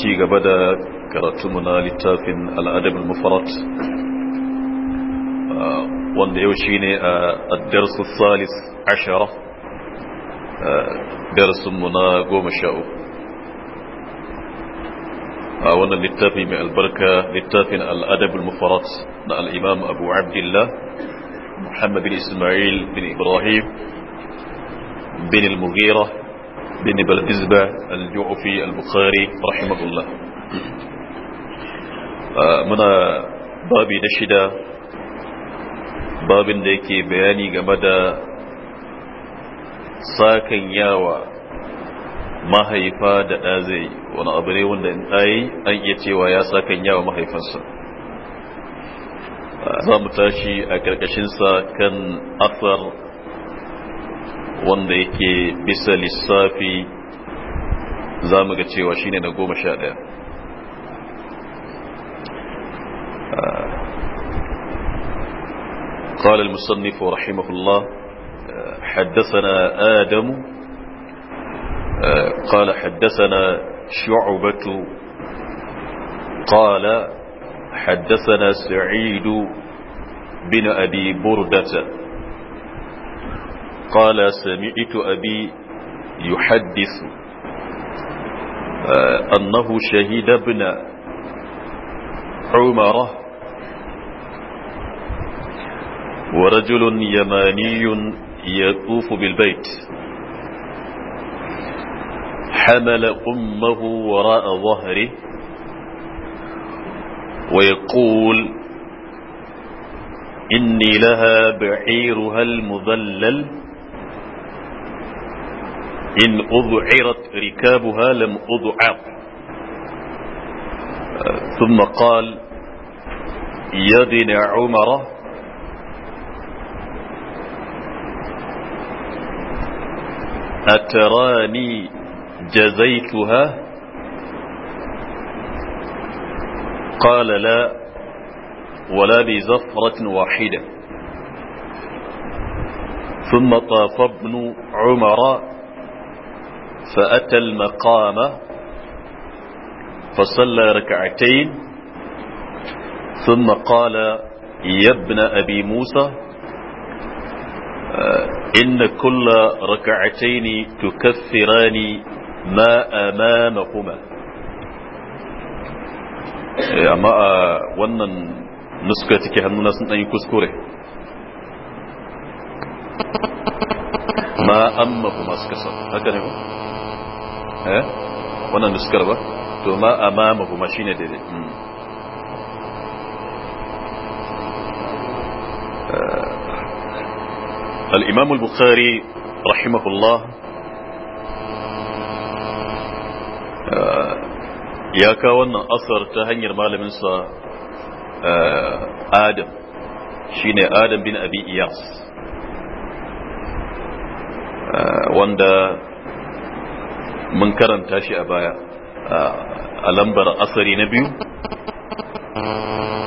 ci gaba da karatunmu na littafin al mufarat wanda yau shi ne a darsu salis ashara darsunmu na goma sha uku a wannan littafi mai albarka littafin al'adabin mufarat na al'imam abu abdullah muhammad bin ismail bin ibrahim bin al-mughira بن بالإزبة الجعفي البخاري رحمه الله من بابي نشدة babin da yake bayani game da sakanyawa mahaifa da ɗa zai wani abu ne wanda in ɗayi an iya cewa ya sakanyawa yawa mahaifansa za mu tashi a ƙarƙashinsa kan asar wanda yake bisa lissafi za mu ga cewa shine na goma sha ɗaya قال المصنف رحمه الله حدثنا آدم قال حدثنا شعبة قال حدثنا سعيد بن أبي بردة قال سمعت أبي يحدث آه، أنه شهد ابن عمر ورجل يماني يطوف بالبيت حمل أمه وراء ظهره ويقول إني لها بعيرها المذلل إن أذعرت ركابها لم أذعر ثم قال يدن عمر أتراني جزيتها قال لا ولا بزفرة واحدة ثم طاف ابن عمر فأتى المقام فصلى ركعتين ثم قال يا ابن أبي موسى آه، إن كل ركعتين تكفران ما أمامكما يا ما آه، ون نسكتك هم ناس أن يكسكوري ما أمهما سكسر هكذا wannan nuskar ba to ma amama kuma shine daidai imam al al-bukhari rahimahullah ya kawo wannan asar ta hanyar malaminsa adam shine adam bin abi iyas wanda mun karanta shi a baya a lambar asari na biyu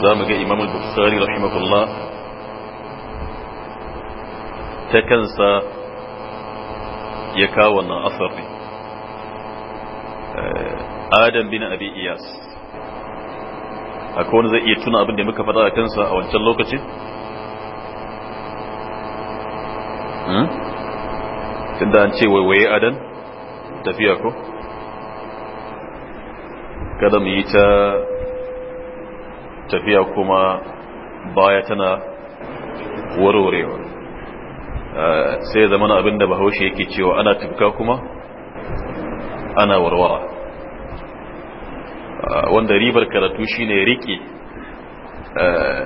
za mu ga imam al-bukhari rahimahullah ta kansa ya kawo wannan asar eh, adam bin abi iyas akwai wani zai iya tuna abin da muka faɗa a kansa a wancan lokacin hmm? tunda an ce waiwaye adan tafiya ko kada mu yi ta tafiya kuma baya tana warwarewa eh, sai zamana abinda bahaushe yake cewa ana tafka kuma ana warwara eh, wanda ribar karatu shine rike eh,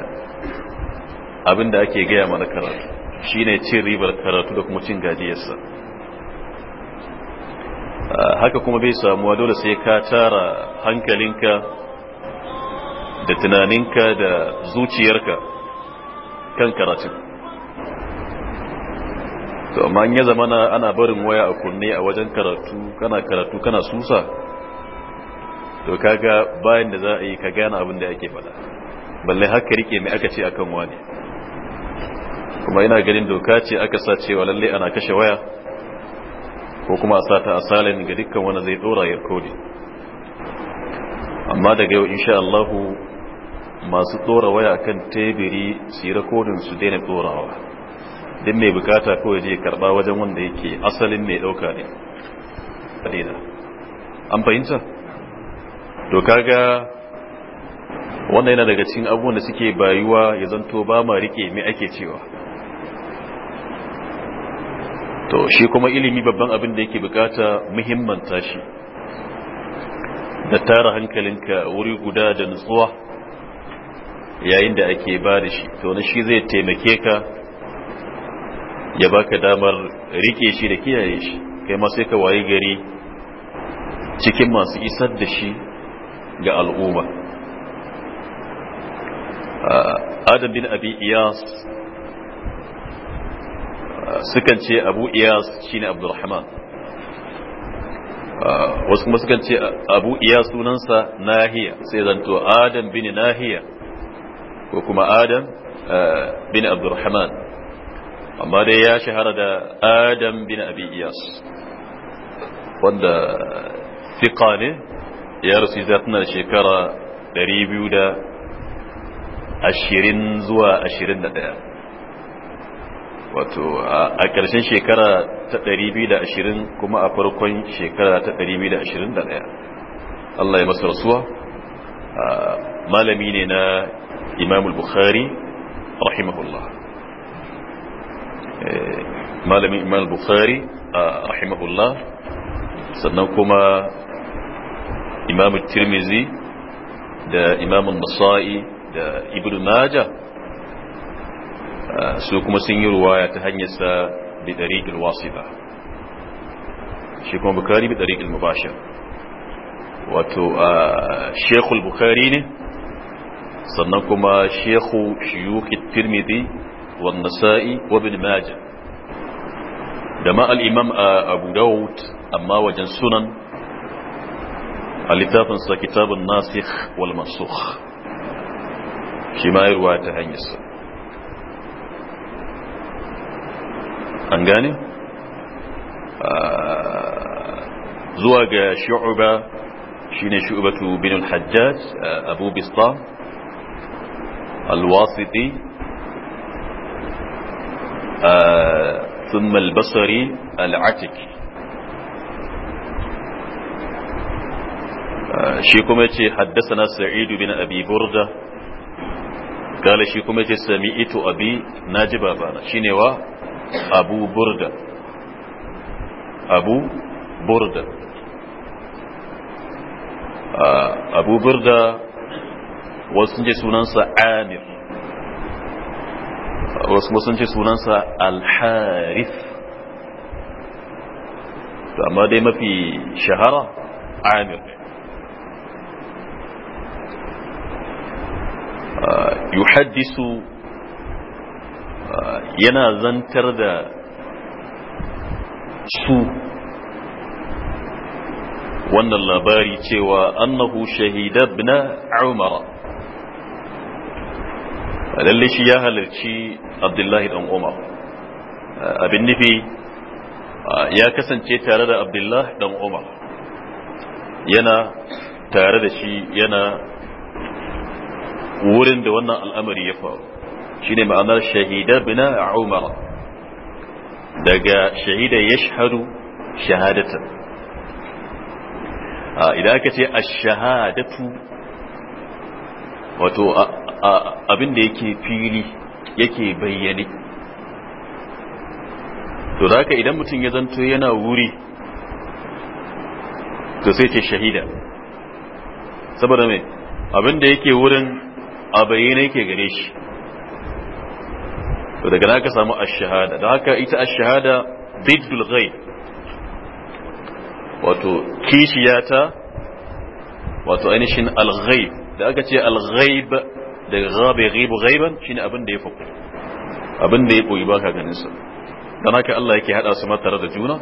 abinda ake gaya mana karatu shine cin ribar karatu da kuma cin gajiyarsa haka kuma bai samuwa dole sai ka tara hankalinka da tunaninka da zuciyarka kan karatu. to amma ya zamana ana barin waya a kunne a wajen karatu kana karatu kana susa to kaga bayan da za a yi ka gane abin da ake faɗa balle haka rike mai aka ce akan wani kuma ina ganin doka ce aka sa cewa lalle ana kashe waya ko kuma a sa ta asalin ga dukkan wanda zai dora ya kode amma daga yau insha Allah masu dora waya kan tebiri su yi rakodin su daina dorawa din mai bukata ko ya je karba wajen wanda yake asalin mai dauka ne an fahimta to kaga wannan yana daga cikin abubuwan da suke bayuwa ya zanto ba ma rike mai ake cewa to shi kuma ilimi babban abin da yake bukata muhimman tashi da tara hankalinka wuri guda da nutsuwa yayin da ake ba da shi to na shi zai taimake ka ya baka damar rike shi da kiyaye shi kai ma sai ka waye gari cikin masu isar da shi ga al'umma ah, adam bin abi iyas sukan ce abu iyas shine abdurrahman wasu kuma sukan ce abu iyas sunansa nahiya sai zanto adam bin nahiya ko kuma adam bin abdurrahman amma dai ya shahara da adam bin abi iyas wanda fiqa ne ya rasu ya tana shekara 220 zuwa 21 wato a ƙarshen shekara ta 220 kuma a farkon shekara ta 221 Allah ya masa rasuwa malami ne na imamul bukhari rahimahullah eh, malamin imamul bukhari rahimahullah sannan kuma imamul tirmizi da Imamul nasa'i da ibn majah su kuma sun yi ruwaya ta hanyarsa bi tariqil wasita shi kuma bukari bi tariqil mubashir wato shekul bukari ne sannan kuma shekhu shiyuki tirmidhi wan nasa'i wa ibn majah da ma al-imam abu daud amma wajen sunan a littafinsa kitabun nasikh wal mansukh shi ma ya ta hanyarsa angani zuwa ga شين shine shu'batu الحجاج آه، أبو hajjaj الواسطي آه، ثم البصري العتك آه، شيكم حدثنا سعيد بن أبي بردة قال شيكم يتي سمئت أبي ناجبا بانا شينيوا abu burda abu burda ah, abu burda wasu ce sunansa amir wasu ce sunansa alharif amma dai mafi shahara amir ah, yuhaddisu yana zantar da su wannan labari cewa annahu shahida na umar lalle shi ya halarci abdullahi dan umar abin nufi ya kasance tare da abdullahi dan umar yana tare da shi yana wurin da wannan al'amari ya faru shine ma'anar shahida bina umar daga shahida yashhadu shahadatan idan aka ce ash-shahadatu wato abin da yake fili yake bayyane to ka idan mutum ya zanto yana wuri to sai ce shahida saboda mai abin da yake wurin a bayyane yake gare shi to daga naka samu ash-shahada da haka ita ash-shahada diddul ghaib wato kishiyata wato ainihin al-ghaib da aka ce al-ghaib daga ghabe ghaibu ghaiban shine abin da ya faku abin da ya koyi ka ganin sa dan haka Allah yake hada su matare da juna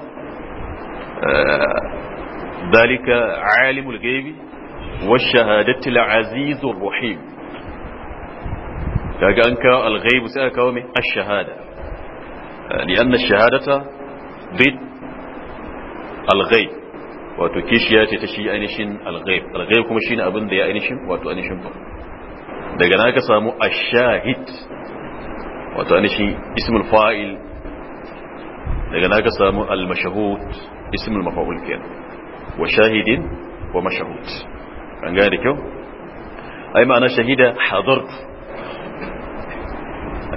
eh, dalika alimul ghaibi Wa shahadati al-azizur rahim kaga an kawo alghaibu sai aka kawo mai ash-shahada li'anna ash-shahadata bid alghaib wato kishiya ce ta shi ainihin alghaib alghaib kuma shine abin da ya ainihin wato ainihin ba daga nan ka samu ash-shahid wato ainihin ismul fa'il daga nan samu al-mashhud ismul maf'ul kenan wa shahidin wa mashhud an gane da kyau ai ma'ana shahida hadartu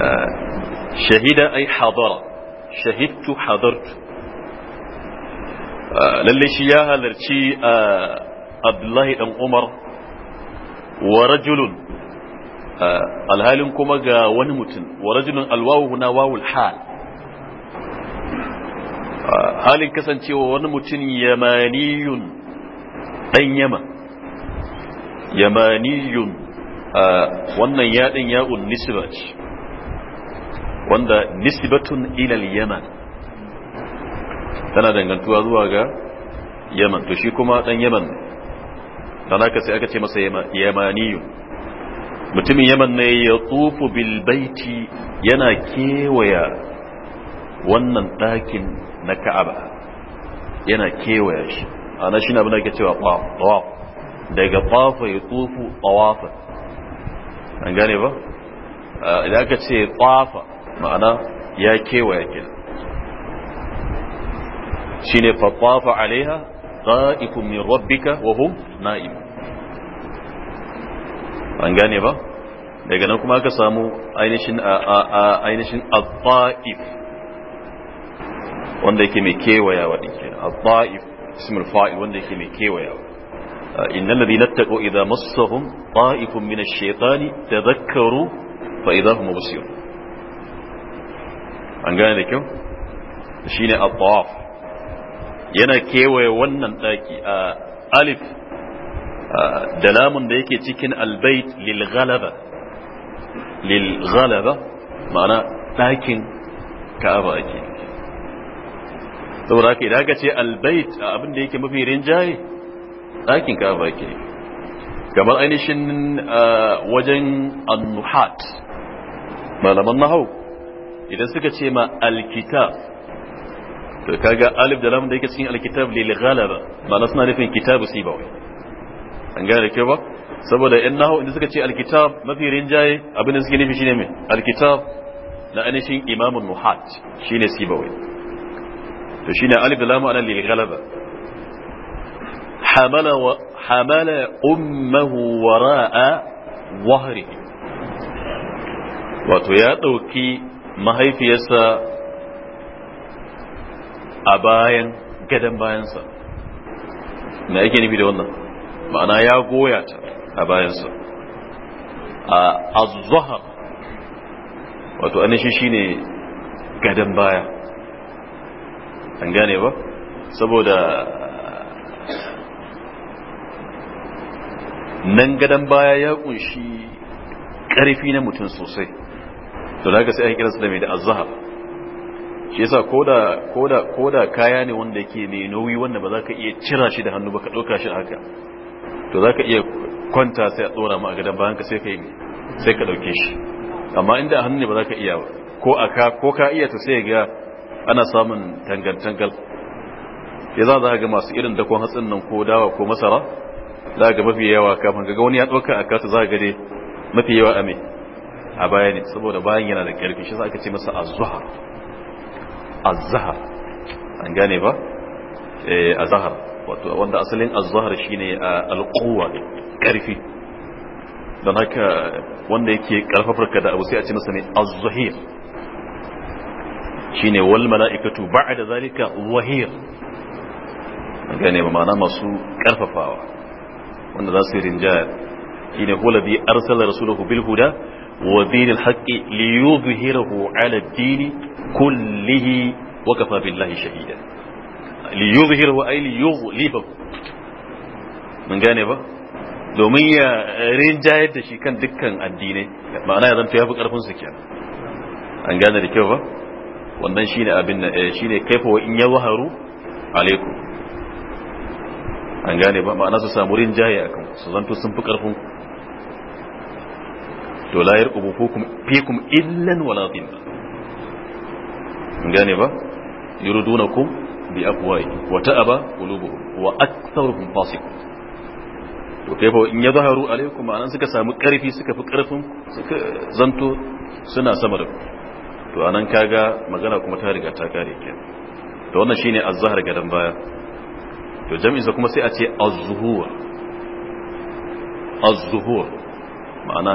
آه، شهد أي حضر شهدت حضرت آه، للي شياها لرشي آه، عبد الله بن عمر ورجل الهالم كما جا ونمت ورجل الواو هنا واو الحال حال كسنتي ونمت يماني أن يما يماني ونن يا دن يا النسبة wanda nisbatun ilal yaman tana dangantuwa zuwa ga yaman to shi kuma dan yaman dan haka sai aka ce masa yamaniyu mutumin yaman ne ya tufu bil baiti yana kewaya wannan ɗakin na ka'aba yana kewaya shi ana shi na abin da ake cewa tawaf daga tawafa ya tsufu tawafa an gane ba idan aka ce tawafa ma'ana ya kewaya kenan shine fatafa alaiha qa'ifun min rabbika wa hum na'im an gane ba daga nan kuma aka samu ainihin ainihin al-ta'if wanda yake mai kewayawa din kenan al-ta'if ismul fa'il wanda yake mai kewayawa innal ladina taqu idza massahum ta'ifun min ash-shaytani tadhakkaru fa idza hum mubsirun an gane da kyau shine at-tawaf yana kewaye wannan daki a alif da lamun da yake cikin albayt lil ghalaba lil ghalaba ma'ana dakin ka'aba ake saboda haka idan aka ce albayt abin da yake mafi rinjaye dakin ka'aba ake kamar ainihin wajen annuhat malaman nahau idan suka ce ma alkitab to kaga alif da lam da yake cikin alkitab lil ghalaba ba suna nufin kitabu si ba an gane da kyau ba saboda in nahu inda suka ce alkitab mafi rinjaye abin da suke nufi shine me alkitab na ainihin imamun nuhat shine si ba to shine alif da lam ana lil ghalaba hamala wa hamala ummuhu wara'a wahrihi wato ya dauki mahaifiyarsa a bayan gadon bayansa na yake nufi da wannan ma'ana ya goya ta a bayansa a azzahar wato anishi shine gadon baya an gane ba saboda nan gadon baya ya kunshi ƙarfi na mutum sosai to da sai kira su da mai da azhar shi yasa koda koda koda kaya ne wanda yake ne nauyi wanda ba za ka iya cira shi da hannu ba ka ɗauka shi haka to za ka iya kwanta sai a tsora ma a gadon bayan ka sai ka yi sai ka ɗauke shi amma inda a hannu ne ba za ka iya ba ko a ka ko ka iya ta sai ga ana samun tangal-tangal ya za za ga masu irin dakon hatsin nan ko dawa ko masara za ga mafi yawa kafin ga wani ya ɗauka a kasa za ga dai mafi yawa a mai a baya saboda bayan yana da ƙarfi shi za aka ce masa azhar azhar an gane ba eh azhar wato wanda asalin shi ne a shine alquwa ƙarfi don haka wanda yake karfafar ka da abu sai a ce masa ne az shi ne wal mala'ikatu da zalika zahir an gane ba ma'ana masu ƙarfafawa wanda za su yi rinjaya shine hulabi arsala rasulahu bil huda wa dinil haqqi li yuzhirahu ala ad-din kullihi wa kafa billahi shahida li yuzhirahu ay li yughlibahu mun gane ba domin ya rinjayar da shi kan dukkan addinai ma'ana ya zanto ya fi karfin su kenan an gane da kyau ba wannan shine abin da shine kaifa wa in waharu. alaikum an gane ba ma'ana su samu rinjaye akan su zanto sun fi karfin ku to la yarqubu fikum illan wala dhim gane ba yuridunakum bi aqwai wa ta'aba qulubuhum wa aktharuhum fasiqun to kai fa in yadhharu alaykum anan suka samu karfi suka fi karfin suka zanto suna sama da ku to anan kaga magana kuma ta riga ta kare kenan to wannan shine azhar zahar gadan baya to sa kuma sai a ce azhur azhur ma'ana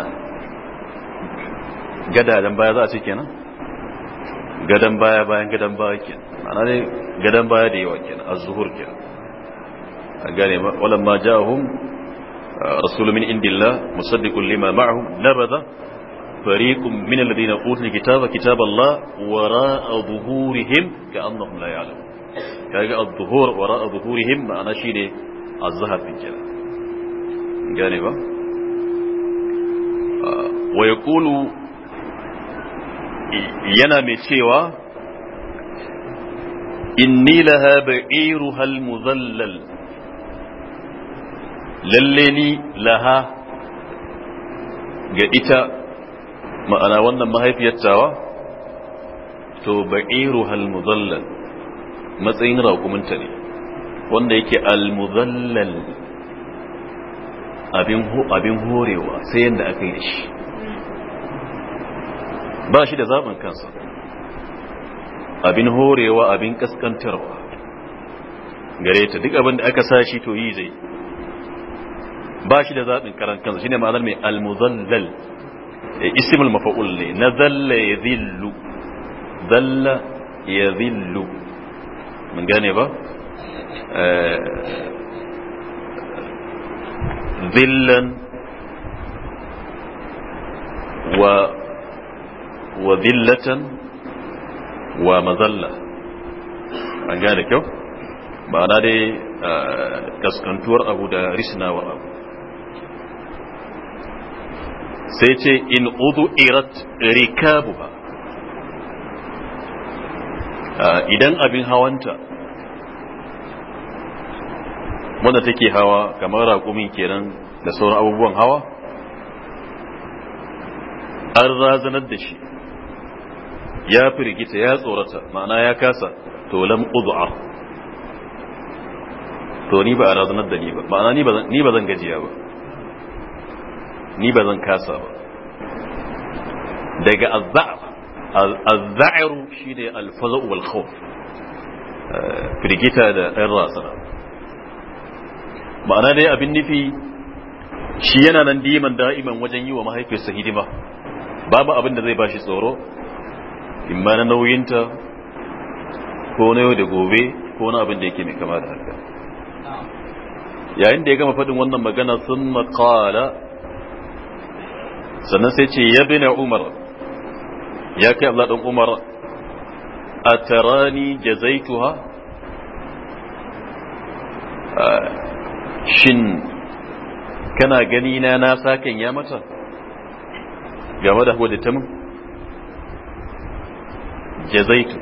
gadadan baya za a ce kenan gadan baya bayan gadan baya kenan ana ne gadan baya da yawa ke a zuhur kenan an gane ba walan ma ja'ahum rasulun min indillah musaddiqun lima ma'ahum nabada fariqun min alladhina utul kitaba kitaballah wara'a zuhurihim ka'annahum la ya'lamun kaga a zuhur wara wara'a zuhurihim ma'ana shine az-zahab kenan gane ba wa yaqulu yana mai cewa inni laha ba'iru hal muzallal lalle ni laha ga ita ma'ana wannan mahaifiyar tawa to ba'iru hal muzallal matsayin raƙuminta ne wanda yake al muzallal abin horewa sai yanda aka yi shi ba shi da zaben kansa abin horewa abin kaskantarwa gare ta duk abin da aka sa shi to yi zai ba shi da zaben karan kansa ne ma'anar mai almuzallal e, Isimul mafa'ul ne na zalla ya zillu zalla ya zillu mun gane ba e, zillan wa zillatan wa mazalla an gane kyau na dai eh, kaskantuwar abu da rishinawar abu sai ce in udu irat rikabuha eh, idan abin hawanta wanda take hawa kamar raƙumin kenan da sauran abubuwan hawa an razanar da shi ya firgita ya tsorata ma'ana ya kasa to lam ud'a to ni ba a razanar da ni ba ma'ana ni ba zan gajiya ba ni ba zan kasa ba daga azza'ar azza'ar shi ne alfaza'u wal khawf eh, firgita da ɗan rasana ma'ana dai abin nufi shi yana nan diman da'iman wajen yi wa mahaifiyarsa hidima babu abin da zai bashi tsoro in ma na nauyinta ko na yau da gobe ko na abin da yake mai kama da haka yayin da ya gama faɗin wannan magana sun maƙala sannan sai ce ya bina umar ya kai Allah ɗan umar a tarani jazaituha ah, shin kana gani na na sakan ya mata game da hudu ta mun jazaitu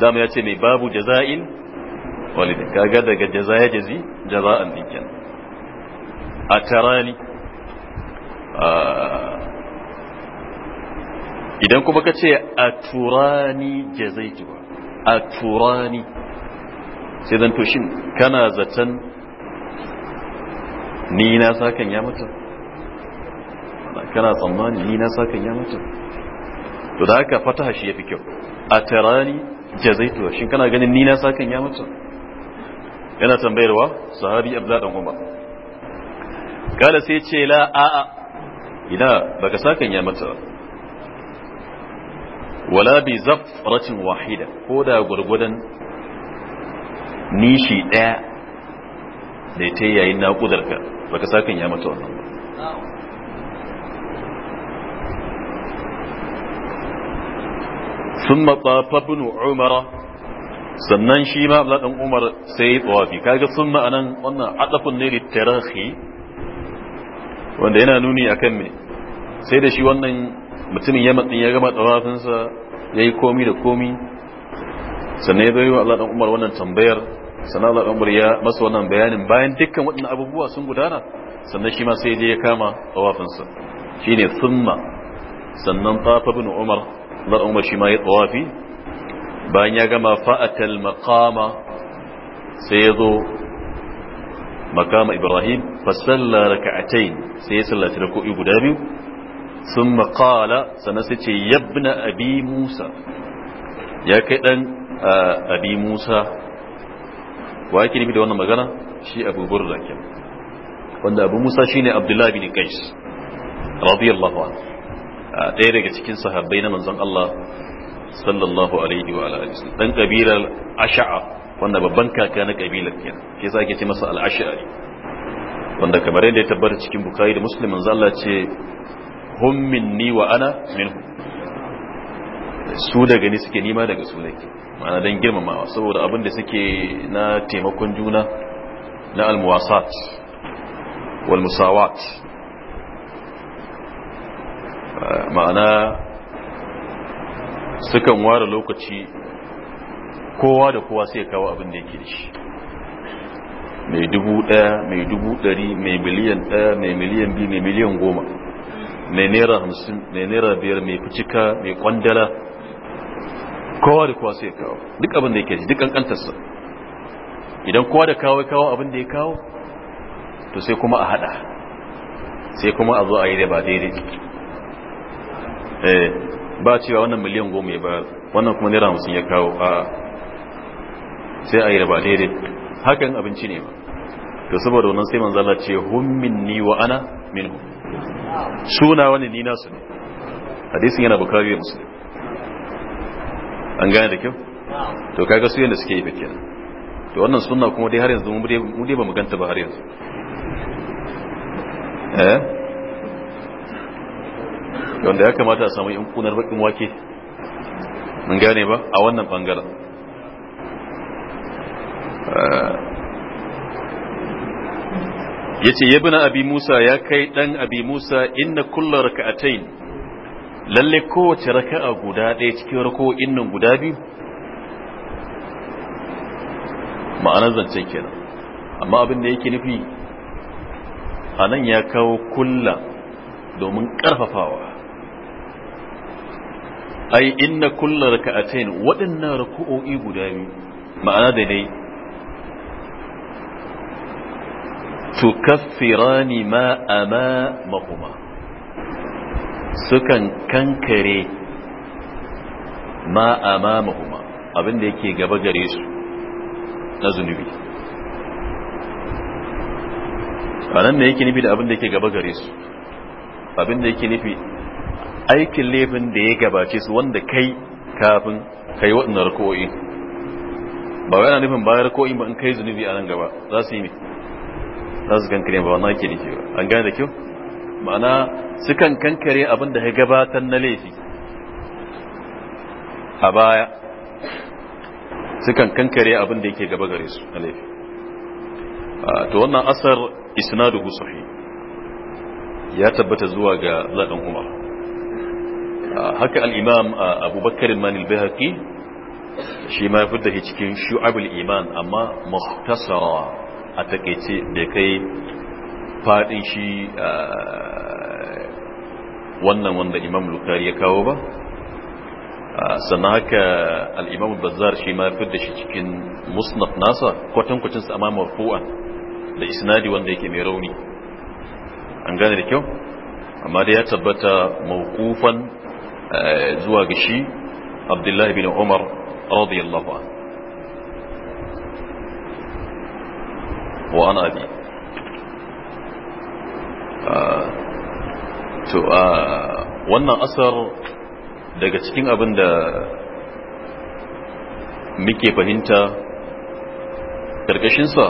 dama ya ce mai babu jaza'in walidin kaga daga jaza ya jazi jaza'an dinkin a tarani idan kuma ka ce a turani jazaitu a turani sai zan to shin kana zaton ni na sakan ya mutu kana tsammani ni na sakan ya mutu to da haka fataha shi ya fi kyau a tarani jazaituwa shi kana ganin ni na ya mata yana tambayarwa sahabi abdullahi dan umar kala sai ce la a a ina baka sakin ya mata wala bi zafratin wahida ko da gurgudan nishi daya da ta yayin kudarka baka sakin ya mutu wannan ba sun matsafa bin umara sannan shi ma ɗan umar sai ya tsawafi kaga sun ma'anan wannan adafin ne littarahi wanda yana nuni a kan me sai da shi wannan mutumin ya matsin ya gama tsawafinsa ya yi komi da komi sannan ya bayo Allah ɗan umar wannan tambayar sannan Allah ɗan umar ya masa wannan bayanin bayan dukkan waɗannan abubuwa sun gudana sannan shi ma sai je ya kama tsawafinsa shine sunna sannan tsafa bin umar na umar shi ma ya tsawafi bayan ya gama fa'atal makama sai ya zo makama ibrahim fasalla raka'atain sai ya sallaci rako'i guda biyu sun makala sana sai ce yabna abi musa ya kai ɗan abi musa wa yake nufi da wannan magana shi abu burra wanda abu musa ne abdullahi bin qais radiyallahu anhu ɗaya daga cikin sahabbai na manzon Allah sallallahu alaihi wa alihi dan kabilar Asha'a wanda babban kaka na kabilar kenan ke yasa ake ce masa al-ash'ari wanda kamar yadda ya tabbata cikin Bukhari da muslim manzon Allah ce hum minni wa ana minhu su daga ni suke nima daga su nake ma'ana dan girmamawa saboda abin da suke na taimakon juna na al-muwasat wal musawat ma'ana sukan ware lokaci kowa da kowa sai kawo abin da yake da shi mai dubu daya mai dubu dari mai miliyan daya mai miliyan biyu mai miliyan goma mai naira hamsin mai naira biyar mai kucika mai kwandala kowa da kowa sai kawo duk abin da yake ji duk kankantarsa idan kowa da kawo kawo abin da ya kawo to sai kuma a hada sai kuma a zo a yi da ba daidai Eh, ba cewa wannan miliyan goma ya bayar wannan kuma naira hamsin ya kawo a sai a yi raba daidai hakan abinci ne ba to saboda wannan sai manzala ce hum minni wa ana minhu suna wani ni nasu ne hadisin yana bukari musu an gane da kyau to kaga su yanda suke yi fa kenan to wannan sunna kuma dai har yanzu mu dai ba mu ganta ba har yanzu eh wanda ya kamata a samu yan kunar bakin wake mun gane ba a wannan bangaren yace yabna abi musa ya kai ɗan abi musa inna kulla rak'atayn lalle kowace raka'a guda ɗaya cikin wa innan guda biyu ma'anar zancen kenan amma abin da yake nufi a nan ya kawo kulla domin ƙarfafawa ai inna kulla raka'atain waɗannan raku'o'i guda biyu ma'ana da dai tukaffirani ma ama mahuma sukan kankare ma ama mahuma abinda yake gaba gare su na zunubi a nan da yake nufi da abinda yake gaba gare su abinda yake nufi aikin laifin da ya gabace su wanda kai kafin kai waɗannan rako'i ba wai nufin bayan rako'i ba in kai zunubi a nan gaba za su yi ne za su kankare ba wannan ake nike ba an gane da kyau ma'ana su kan kankare abin da ya gabatar na laifi a baya su kan kankare abin da yake gaba gare su na laifi to wannan asar isnaduhu sahih ya tabbata zuwa ga zaɗin umar haka al'imam abubakar manil bihaki shi ma ya da cikin shu'abul iman amma muhtasara a takaice da kai fadin shi wannan wanda imam lukari ya kawo ba sannan haka al'imam bazar shi ma fi da shi cikin musnaf nasa kwatankwacin sama marfu'an da isnadi wanda yake mai rauni an gane da kyau amma da ya tabbata mawkufan zuwa ga shi abdullahi bin umar radiyallahu an wa ana abi wannan asar daga cikin abin da muke fahimta ƙarƙashinsa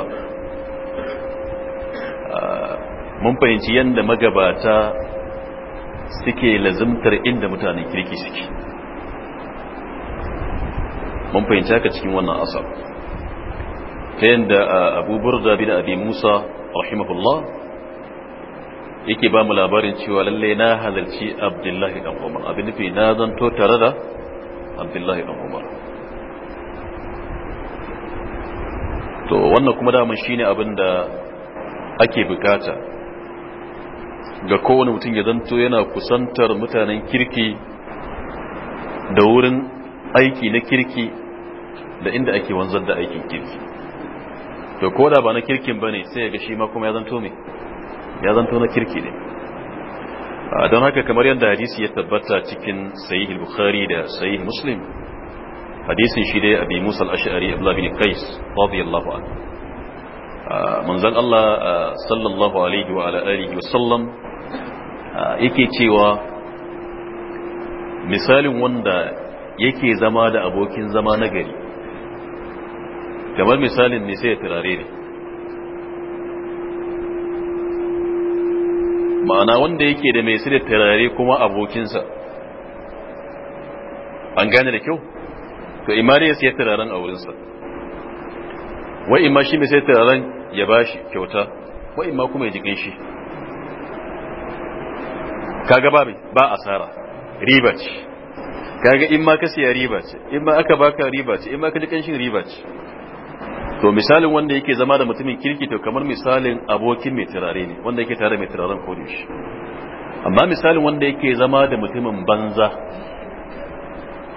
mun fahimci yadda magabata suke lazimtar inda mutanen kirki suke mun fahimci haka cikin wannan asar ta yadda abu burda bin abi musa rahimahullah yake ba mu labarin cewa lalle na halarci abdullahi dan umar abin nufi na zanto tare da abdullahi dan umar to wannan kuma daman shine abin da ake bukata ga kowane mutum ya zanto yana kusantar mutanen kirki da wurin aiki na kirki da inda ake wanzar da aikin kirki to ko da ba na kirkin ba ne sai ga shi ma kuma ya zanto mai ya zanto na kirki ne don haka kamar yadda hadisi ya tabbata cikin sahih bukhari da sahih muslim hadisin shi dai abi musa al-ash'ari abdullah bin qais radiyallahu anhu manzon Allah sallallahu alaihi wa ala alihi wa sallam Ah, yake cewa misalin wanda yake zama da abokin zama na gari kamar misalin ne sai ya turare ne ma'ana wanda yake da mai sai da turare kuma abokinsa an gane da kyau to imari ya siya turaren a wurinsa wa'in ma shi mai sai turaren ya ba shi kyauta wa'in ma kuma ya jikin shi kaga ba ba asara riba ce kaga in ma ka siya riba ce in ma aka baka riba ce in ma ka ji kanshin riba ce to misalin wanda yake zama da mutumin kirki to kamar misalin abokin mai turare ne wanda yake tare mai turaren kodi shi amma misalin wanda yake zama da mutumin banza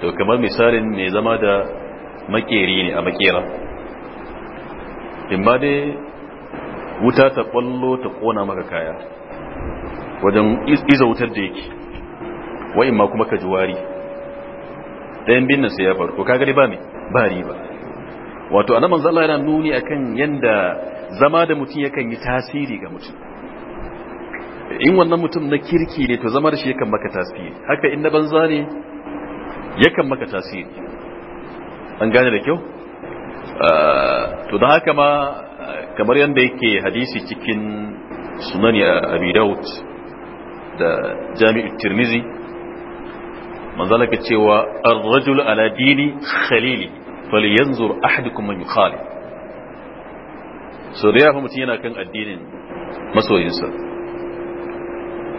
to kamar misalin mai zama da makeri ne a makera in ma dai wuta ta kwallo ta kona maka kaya wajen izautar wutar da yake wa'in ma kuma ka juwari ɗayan bin sai ya faru ko kaga ba ne ba riba wato annabi manzo Allah yana nuni akan yanda zama da mutum ya kan yi tasiri ga mutum in wannan mutum na kirki ne to zama da shi yakan maka tasiri haka in na banza ne yakan maka tasiri an gane da kyau ah, to da haka ma kamar yadda yake hadisi cikin sunani a abi da jami'u tirmizi manzala cewa ar-rajul ala dini khalili falyanzur ahadukum man yukhali so da mutum yana kan addinin masoyinsa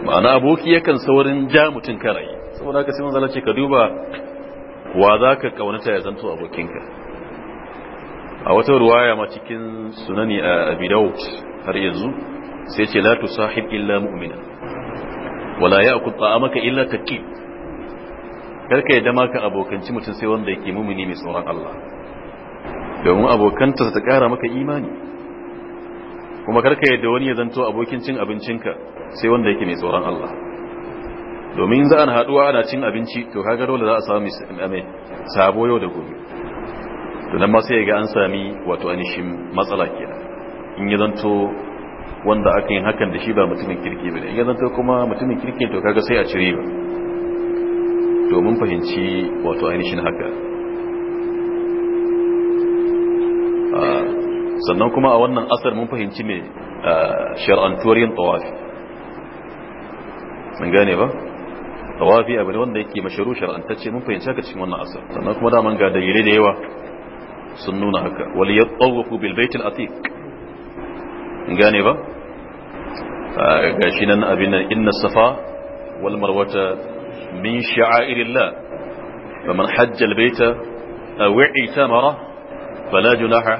ma'ana aboki yakan saurin ja mutum karai. saboda haka sai manzala ce ka duba wa za ka kaunata ya zanto abokinka a wata ruwaya ma cikin sunani a abi har yanzu sai ce la sahib illa mu'mina wala ya ya'kul ta'amaka illa taqi karka yadda ka abokanci mutum sai wanda yake mumuni mai tsoron Allah domin abokanta ta kara maka imani kuma karka yadda wani ya zanto abokin cin abincinka sai wanda yake mai tsoron Allah domin za a haduwa ana cin abinci to kaga dole za a samu mai sabo yau da gobe to nan ma sai ga an sami wato anishin matsala kenan in ya zanto wanda aka yin hakan da shi ba mutumin kirki ba ne ya zanto kuma mutumin kirki to kaga sai a cire ba to mun fahimci wato ainihin haka ah, sannan kuma a wannan asar mun fahimci ne ah, shar'antuwar tawafi mun gane ba tawafi abu ne wanda yake masharu shar'antacce mun fahimci haka cikin wannan asar sannan kuma da man ga dalilai da yawa sun nuna haka wal yatawafu bil baitil atiq gane ba ga shi nan abin nan inna safa wal marwata min sha'airillah wa man hajjal baita aw i'tamara fala junaha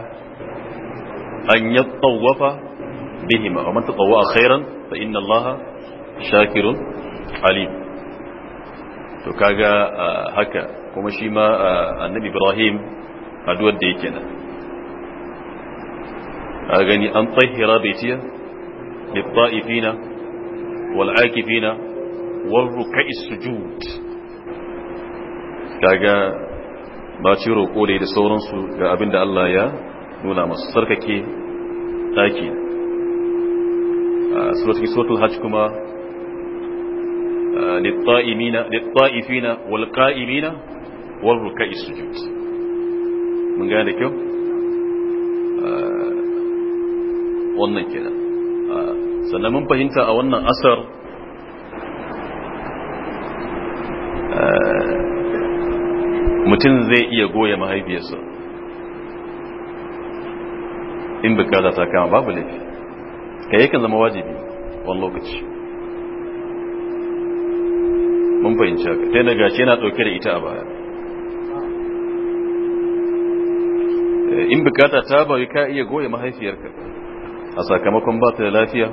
an yatawafa bihima wa man tatawwa khairan fa inna allaha shakirun alim to kaga haka kuma shi ma annabi ibrahim addu'ar da yake nan أغني أن طهر بيتي للطائفين والعاكفين والركع السجود كاغا ما تيرو قولي لسورن سو غا أبن الله يا نونا مصر كي تاكي آه، سورة كي سورة الحج كما آه، للطائمين للطائفين والقائمين والركع السجود من قال آه، لكم wannan kenan ah, sannan mun fahimta a wannan asar eh, mutum zai iya goya mahaifiyarsa in bukata ta kama babu laifi ka yi kan zama wajibi wani lokaci mun fahimci haka ta daga shi yana ɗauke da ita a baya eh, in bukata ta bari ka iya goya mahaifiyarka a sakamakon ba ta da lafiya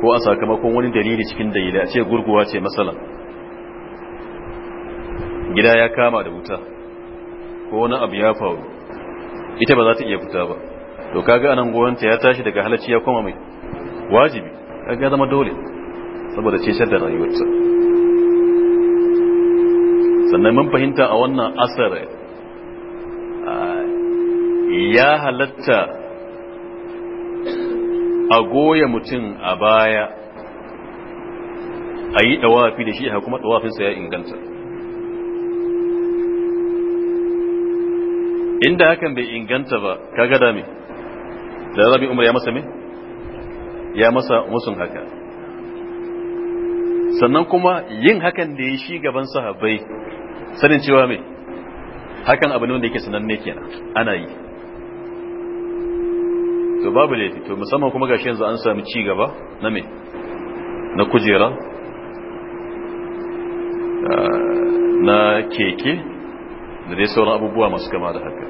ko a sakamakon wani dalili cikin dalilai a ce gurguwa ce matsala gida ya kama da wuta ko wani abu ya faru ita ba za ta iya fita ba to kaga anan goyonta ya tashi daga halacci ya koma mai wajibi kaga ya zama dole saboda cesar da rayuwarsa sannan mun fahimta a wannan asarar. ya halatta a goya mutum a baya a yi ɗawafi da shi a kuma ɗawafinsa ya inganta inda hakan bai inganta ba ka gada mai da rabi umar ya masa mai ya masa musun haka sannan kuma yin hakan da ya shi gaban sahabbai sanin cewa mai hakan abu ne wanda yake sananne kenan ana yi to babu laifi to musamman kuma gashi yanzu an sami ci gaba na me na kujera ah, na keke da dai sauran abubuwa masu kama da haka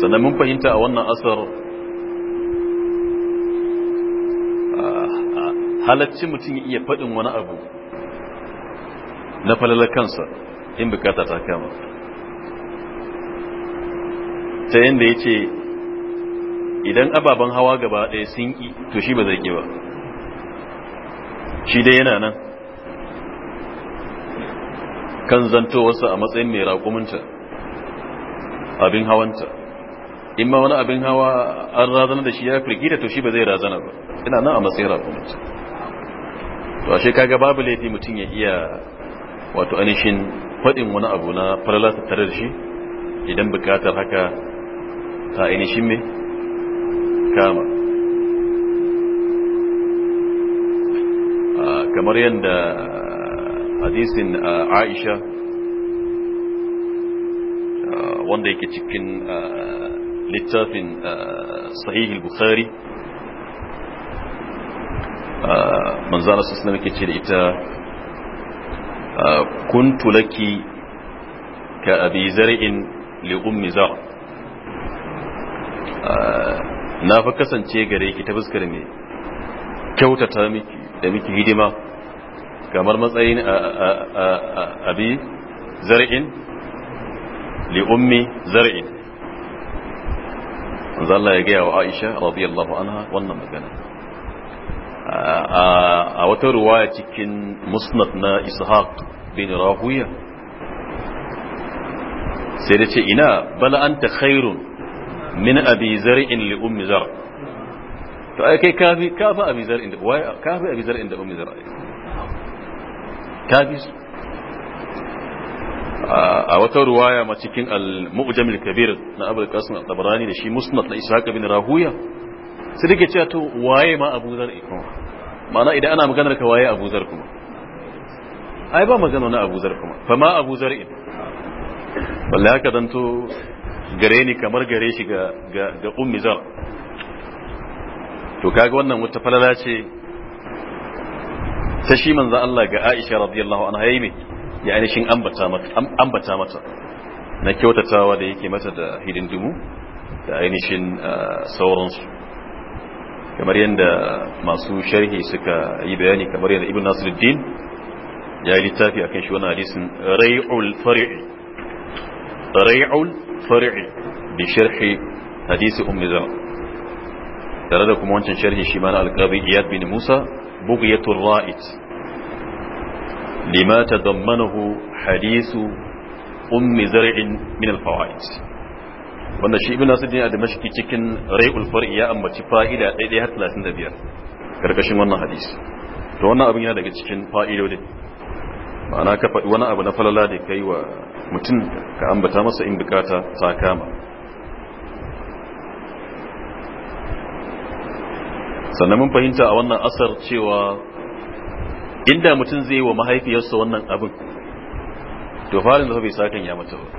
sannan mun fahimta a wannan asar ah, ah, halarci mutum iya faɗin wani abu na falalar kansa in bukata ta kama ta yadda ya ce idan ababen hawa gaba ɗaya sun yi to shi ba zai ke ba shi dai yana nan kan zantowarsa a matsayin mai raƙumunta abin hawanta in ma wani abin hawa an razana da shi ya firgita to shi ba zai razana ba ina nan a matsayin raƙuminta to ashe kaga babu laifi mutum ya iya wato anishin faɗin wani abu na falala tare da shi idan bukatar haka ta ainihin me kama ah, kamar yadda ah, hadisin ah, aisha wanda yake cikin littafin sahihul bukhari manzana sassanar ke ce da ita kuntu laki ka abi zar'in li ummi zar ah, na fa kasance gare ki ta fuskar me kyautata miki da miki hidima kamar matsayin abi zar'in li ummi zar'in manzo Allah ya gaya wa Aisha radiyallahu anha wannan magana ah, a wata ruwaya cikin musnad na Ishaq bin rahuya sai da ce ina bala anta khairun min abi zar'in li ummi zar to ai kai kafi kafi abi zar'in da wai kafi abi zar'in da ummi zar kafi a wata ruwaya ma cikin al-mu'jam al-kabir na abul qasim at-tabarani da shi musnad na ishaq bin rahuya sai dake cewa to waye ma abu zar'i kuma ma'ana idan ana maganar ka waye abu zar kuma ai ba magana na abu zar kuma fa ma abu in wallahi haka zanto gare ni kamar gare shi ga ga ummi zar to kaga wannan wata falala ce ta shi manzo Allah ga Aisha radiyallahu anha yayi ne ya ainihin ambata mata ambata mata na kyautatawa da yake mata da hidindumu da ainihin ah, sauransu kamar yadda masu sharhi suka yi bayani kamar yadda ibn nasiruddin ya yi littafi akan shi wani hadisin rai'ul fari'i rai'ul fari'i bi sharhi hadisi ummi zama tare da kuma wancan sharhi shi mana alqabi iyad bin musa bughyatul ra'it lima tadammanahu hadisu ummi zar'in min alfawaid wanda shi ibn asadi a damashki cikin rai'ul fari'i ya ambaci fa'ida ɗaya har talatin da biyar karkashin wannan hadisi to wannan abin yana daga cikin fa'idodin ma'ana ka faɗi wani abu na falala da ka yi wa mutum ka ambata masa in bukata ta kama sannan mun fahimta a wannan asar cewa inda mutum zai yi wa mahaifiyarsa wannan abin to farin da bai sakan ya mutu ba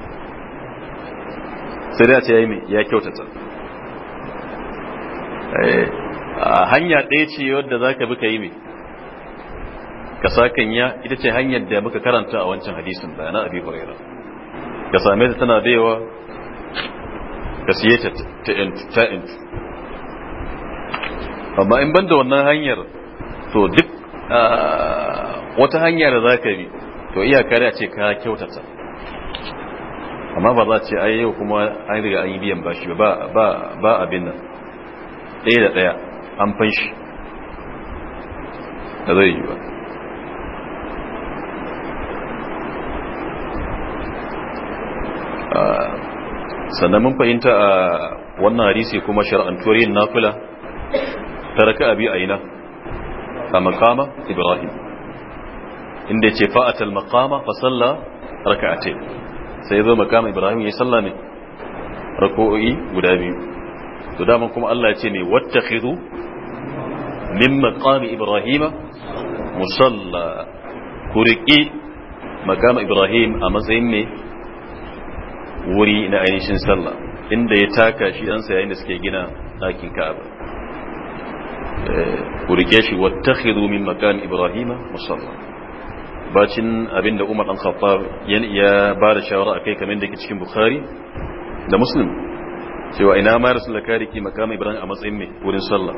sai da ce ya yi ya kyautata eh, A hanya ɗaya ce wadda za ka bi ka yi mai ka ya ita ce hanyar da muka karanta a wancan hadisin da na abi huraira ka same ta tana baiwa ka siye ta ta intu amma in banda wannan hanyar to duk wata hanya da za ka bi to kare a ce ka kyautata amma ba za ce ai yau kuma an riga an yi biyan bashi ba ba abin nan ɗaya da ɗaya an fanshi da zai yi ba sannan mun fahimta a wannan hadisi kuma shar'antuwar yin nafila ta raka abi aina a makama ibrahim inda ce fa'atal makama fa salla raka'ate sai ya zo makama ibrahim ya salla ne rako'i guda biyu to daman kuma Allah ya ce ne wattakhidhu min maqami Ibrahim musalla ku riƙi makama ibrahim a matsayin ne wuri na ainihin sallah inda ya taka shi an yayin da suke gina ɗakin ka'aba eh, ku rike shi wattakhidhu min makan ibrahima musalla bacin abin da umar dan khattab yan iya ba da shawara kai kamar da ke cikin bukhari da muslim cewa ina ma rasul kariki makam ibrahim a matsayin mai wurin sallah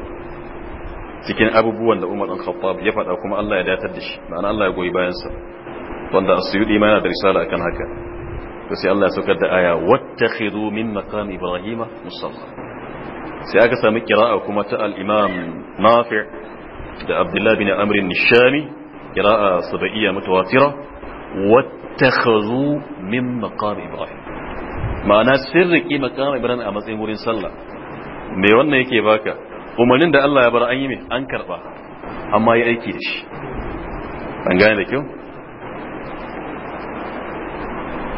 cikin abubuwan da umar dan khattab ya faɗa kuma Allah ya datar da shi ma'ana Allah ya goyi bayansa wanda asyudi ma yana da risala akan haka to sai Allah ya saukar da aya wattakhidhu min maqam ibrahima musalla sai aka sami kira'a kuma ta al-imam nafi' da abdullah bin amr an-nishami kira'a sabaiya mutawatira wattakhadhu min maqam ibrahim ma'ana sirriki maqam ibrahim a matsayin wurin sallah me wannan yake baka umarnin da Allah ya bar an yi min an karba amma ya aiki da shi an gane da kyau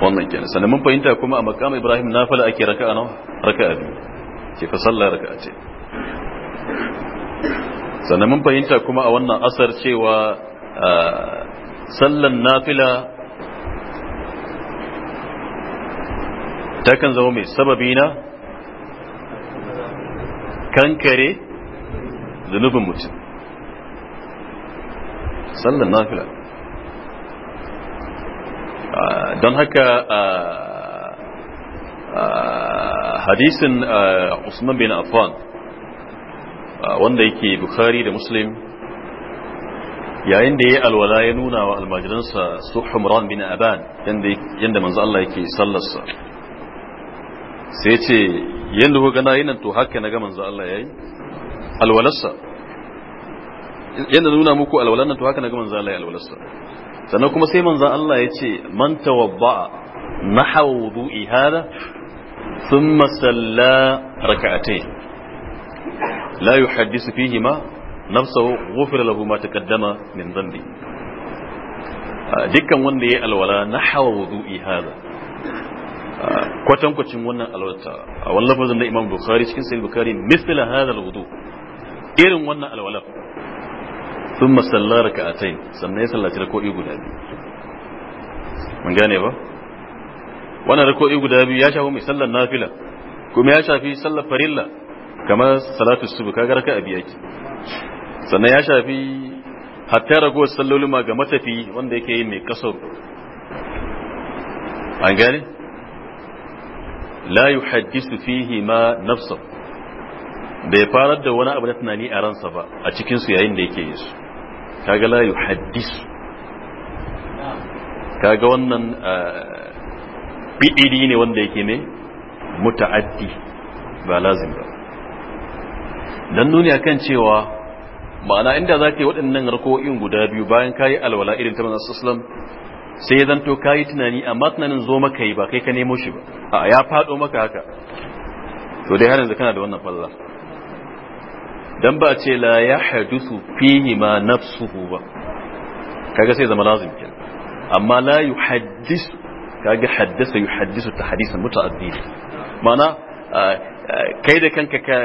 wannan kenan sannan mun fahimta kuma a makamu ibrahim nafila ake raka'a nawa raka'a biyu ce fa sallah raka'a ce sannan mun fahimta kuma a wannan asar cewa sallan nafila takan zama mai sababi na kankare zunubin mutum sallan nafila don haka hadisin usman bin affan wanda yake bukhari da muslim yayin da ya alwala ya nuna wa almajiransa su humran bin aban yadda manzo Allah yake sallarsa sai ce yadda ku gana yinan to haka na ga manzo Allah yayi alwalarsa yadda nuna muku alwalar nan to haka na ga manzo Allah yayi alwalarsa sannan kuma sai manzan Allah ya ce man tawabba na hawudu ihada sun masalla raka'atai la yi haddisu fihi ma nafsahu ghufira lahu ma taqaddama min dhanbi ah, dukkan wanda yayi alwala na hawudu ihada ah, kwatankwacin wannan alwata a wani lafazin na imam bukhari cikin sahih bukhari misla hadha alwudu irin wannan alwala sun masallar raka'atai sannan ya sallaci rako'i guda biyu mun gane ba wannan rako'i guda biyu ya shafi mai sallar nafila kuma ya shafi sallar farilla kamar salatu subu kaga raka'a biyu yake sannan ya shafi hatta ragowar sallolin ma ga matafi wanda yake yin mai kaso. an gane la yuhaddisu fihi ma nafsa bai farar da wani abu da tunani a ransa ba a cikinsu yayin da yake yi su kaga la yuhaddisu kaga wannan ah, fiɗiri ne wanda yake ne muta'addi ba lazim ba dan nuni kan cewa ma'ana inda zaka yi waɗannan rako'in guda biyu bayan kayi alwala irin ta manzon sallam sai zan to kayi tunani amma tunanin zo maka yi ba kai ka nemo shi ba a ya faɗo maka haka to dai har yanzu kana da wannan falla dan ba ce la ya hadusu fihi ma nafsuhu ba kaga sai zama lazim ke amma la yu yuhaddis kaga haddasa yuhaddisu tahdisan muta'addid mana kai da kanka ka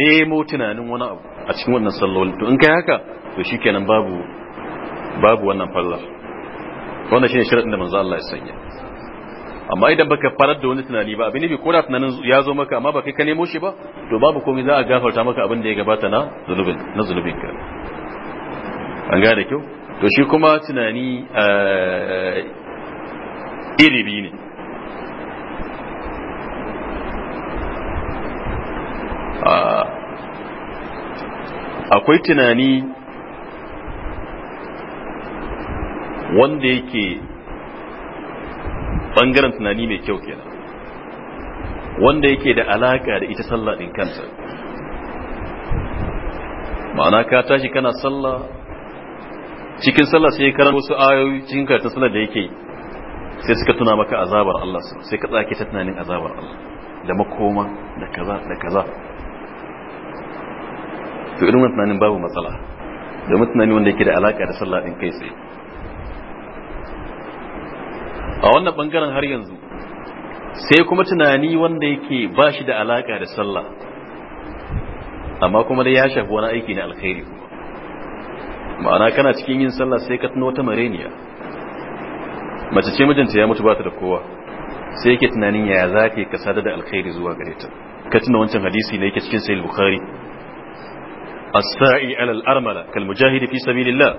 nemo tunanin wani abu a cikin wannan sallolin to in kai haka to shikenan babu babu wannan fallar wannan shine sharadin da manzo Allah ya sanya amma idan baka farar da wani tunani ba abin ne ko da tunanin ya zo maka amma ba kai ka nemo shi ba to babu komai za a gafarta maka abin da ya gabata na zulubin na zulubin ka an da kyau to shi kuma tunani eh, iri biyu ne ah, akwai tunani wanda yake bangaren tunani mai kyau kenan wanda yake da alaka da ita sallah din kansa ma'ana ka tashi kana sallah cikin sallah sai karanta wasu ayoyi cikin karatun sallah da yake sai suka tuna maka azabar Allah sai ka tsaki ta tunanin azabar Allah da makoma da kaza da kaza to irin tunanin babu matsala da tunani wanda yake da alaka da sallah din kai sai a wannan bangaren har yanzu sai kuma tunani wanda yake ba shi da alaka da sallah amma kuma dai ya shafi wani aiki na alkhairi ma'ana kana cikin yin sallah sai ka tuno wata mareniya mace ce mijinta ya mutu ba ta da kowa sai yake tunanin yaya za ka yi ka sadar da alkhairi zuwa gare ta ka tuna wancan hadisi na yake cikin sayil bukhari as-sa'i ala armala kal mujahidi fi sabilillah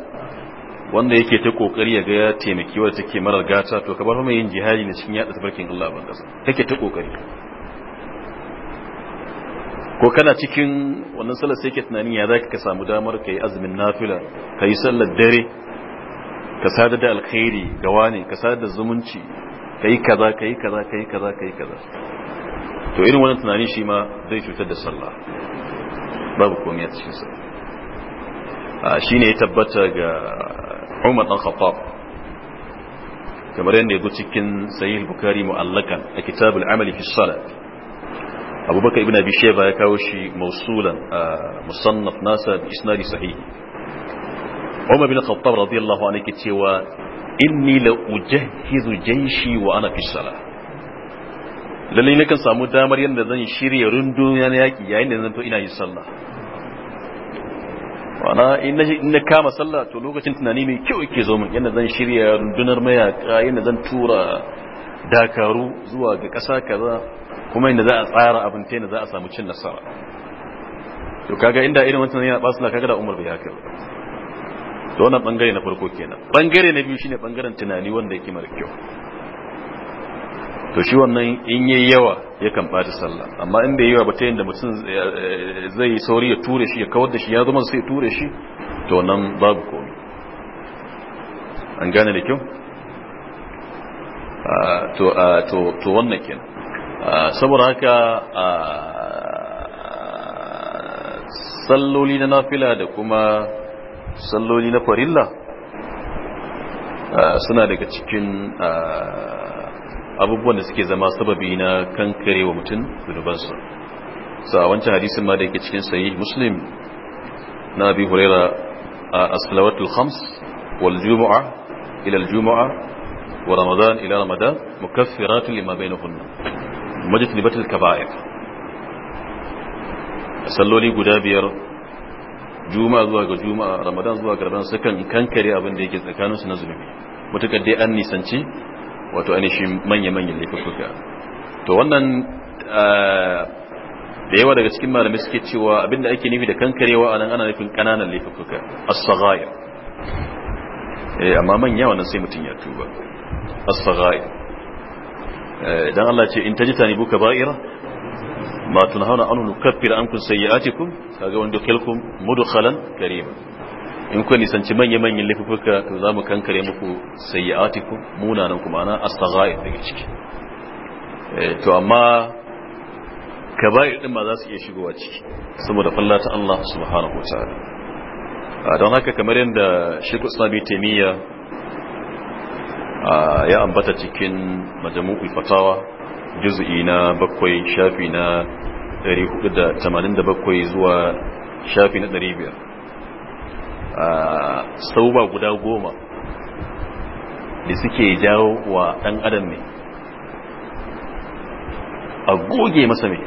wanda yake ta kokari ya ga ya taimaki wa take marar gata to ka bar mai yin jihadi ne cikin yada tabarkin Allah a kasa kake ta kokari ko kana cikin wannan sallar sai ke tunanin ya zaka ka samu damar kai azumin nafila kai sallar dare ka sada da alkhairi ga wani ka sada da zumunci kai kaza kai kaza kai kaza kai kaza to irin wannan tunani shi ma zai cutar da sallah babu komai a cikin sa shine ya tabbata ga Umar dan Khattab kamar yadda yazo cikin sahih Bukhari mu'allakan a kitabul amali fi salat Abubakar ibn Abi Shayba ya kawo shi mausulan a musannaf nasa bi isnadi sahih Umar bin Khattab radiyallahu anhu yake cewa inni la ujahhizu jayshi wa ana fi salat lallai nakan samu damar yadda zan shirya rundun yana yaƙi yayin da zan to ina yin sallah wana in na kama sallah to lokacin tunani mai kyau yake zo min yadda zan shirya rundunar mayaka yadda zan tura dakaru zuwa ga ƙasa kaza kuma inda za a tsara abin ta yadda za a samu cin nasara to kaga inda irin wannan yana na kaga da umar bai haka to wannan bangare na farko kenan bangare na biyu shine bangaren tunani wanda yake mara kyau to shi wannan in yayi yawa yakan bata sallah amma in bai yawa ba ta yanda mutum eh, eh, zai sauri ya ture shi ya kawar da shi ya zama sai ya ture shi to nan babu komai an gane da kyau ah, to ah, to to wannan kenan ah, saboda haka salloli na nafila da kuma salloli na farilla suna daga cikin abubuwan da suke zama sababi na kankare wa mutum zunubansa sa wancan hadisin ma da yake cikin sayi muslim na abi huraira a as-salawatul khams wal jumu'a ila al jumu'a wa ramadan ila ramadan mukaffiratun lima bainahunna majtanibatul kaba'ir salloli guda biyar juma'a zuwa ga juma'a ramadan zuwa ga ramadan sukan kankare abin da yake tsakaninsu na zunubi mutukar dai an nisanci wato ainihin manya-manyan laifuka to wannan eh, da yawa daga cikin malamai suke cewa abinda ake nufi da kankarewa a nan ana nufin kananan laifuka as-saghaya eh amma manya wannan sai mutun ya tuba as-saghaya eh, dan Allah ce in tajtani buka ba'ira ma tunhauna anhu nukaffir ankum sayyi'atikum kaga wanda kilkum mudkhalan karima in ku nisanci manya-manyan laifuka za mu kankare muku sayyatikum munanan kuma na astaghfir daga ciki eh, to amma ka kaba'ir ɗin ma za su iya shigowa ciki saboda falla ta Allah subhanahu a ah, don haka kamar yadda Sheikh sami taimiyya ah, ya ambata cikin majamu fatawa juz'i na bakwai shafi na 487 zuwa shafi na 500 Sau ba guda goma da suke jawo wa ɗan adam ne a goge masa mai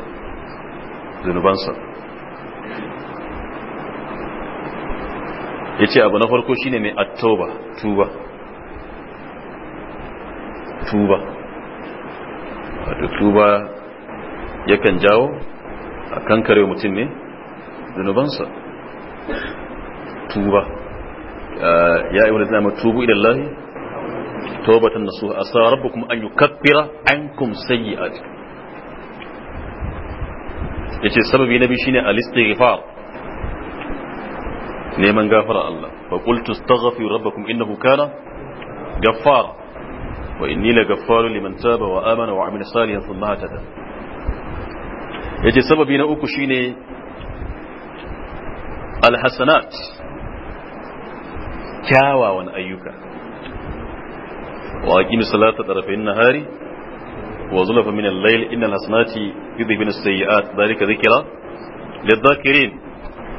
zunubansa ya ce abu na farko shine mai attoba tuba tuba wato tuba yakan jawo a kankare mutum ne zunubansa tuba ya yi wani zama tubu idan lahi taubatan nasu a sa rabu kuma an yi kaffira an kum sababi na biyu shine alistighfar neman gafara Allah fa qultu astaghfiru rabbakum innahu kana ghaffar wa inni la gaffaru liman taba wa amana wa amila salihan thumma hatada yace sababi na uku shine al-hasanat kyawawan ayyuka wa aqimi salata tarafayn nahari wa zulafa min al-layl innal hasanati yudhibun as-sayyi'at dhalika dhikra lidh-dhakirin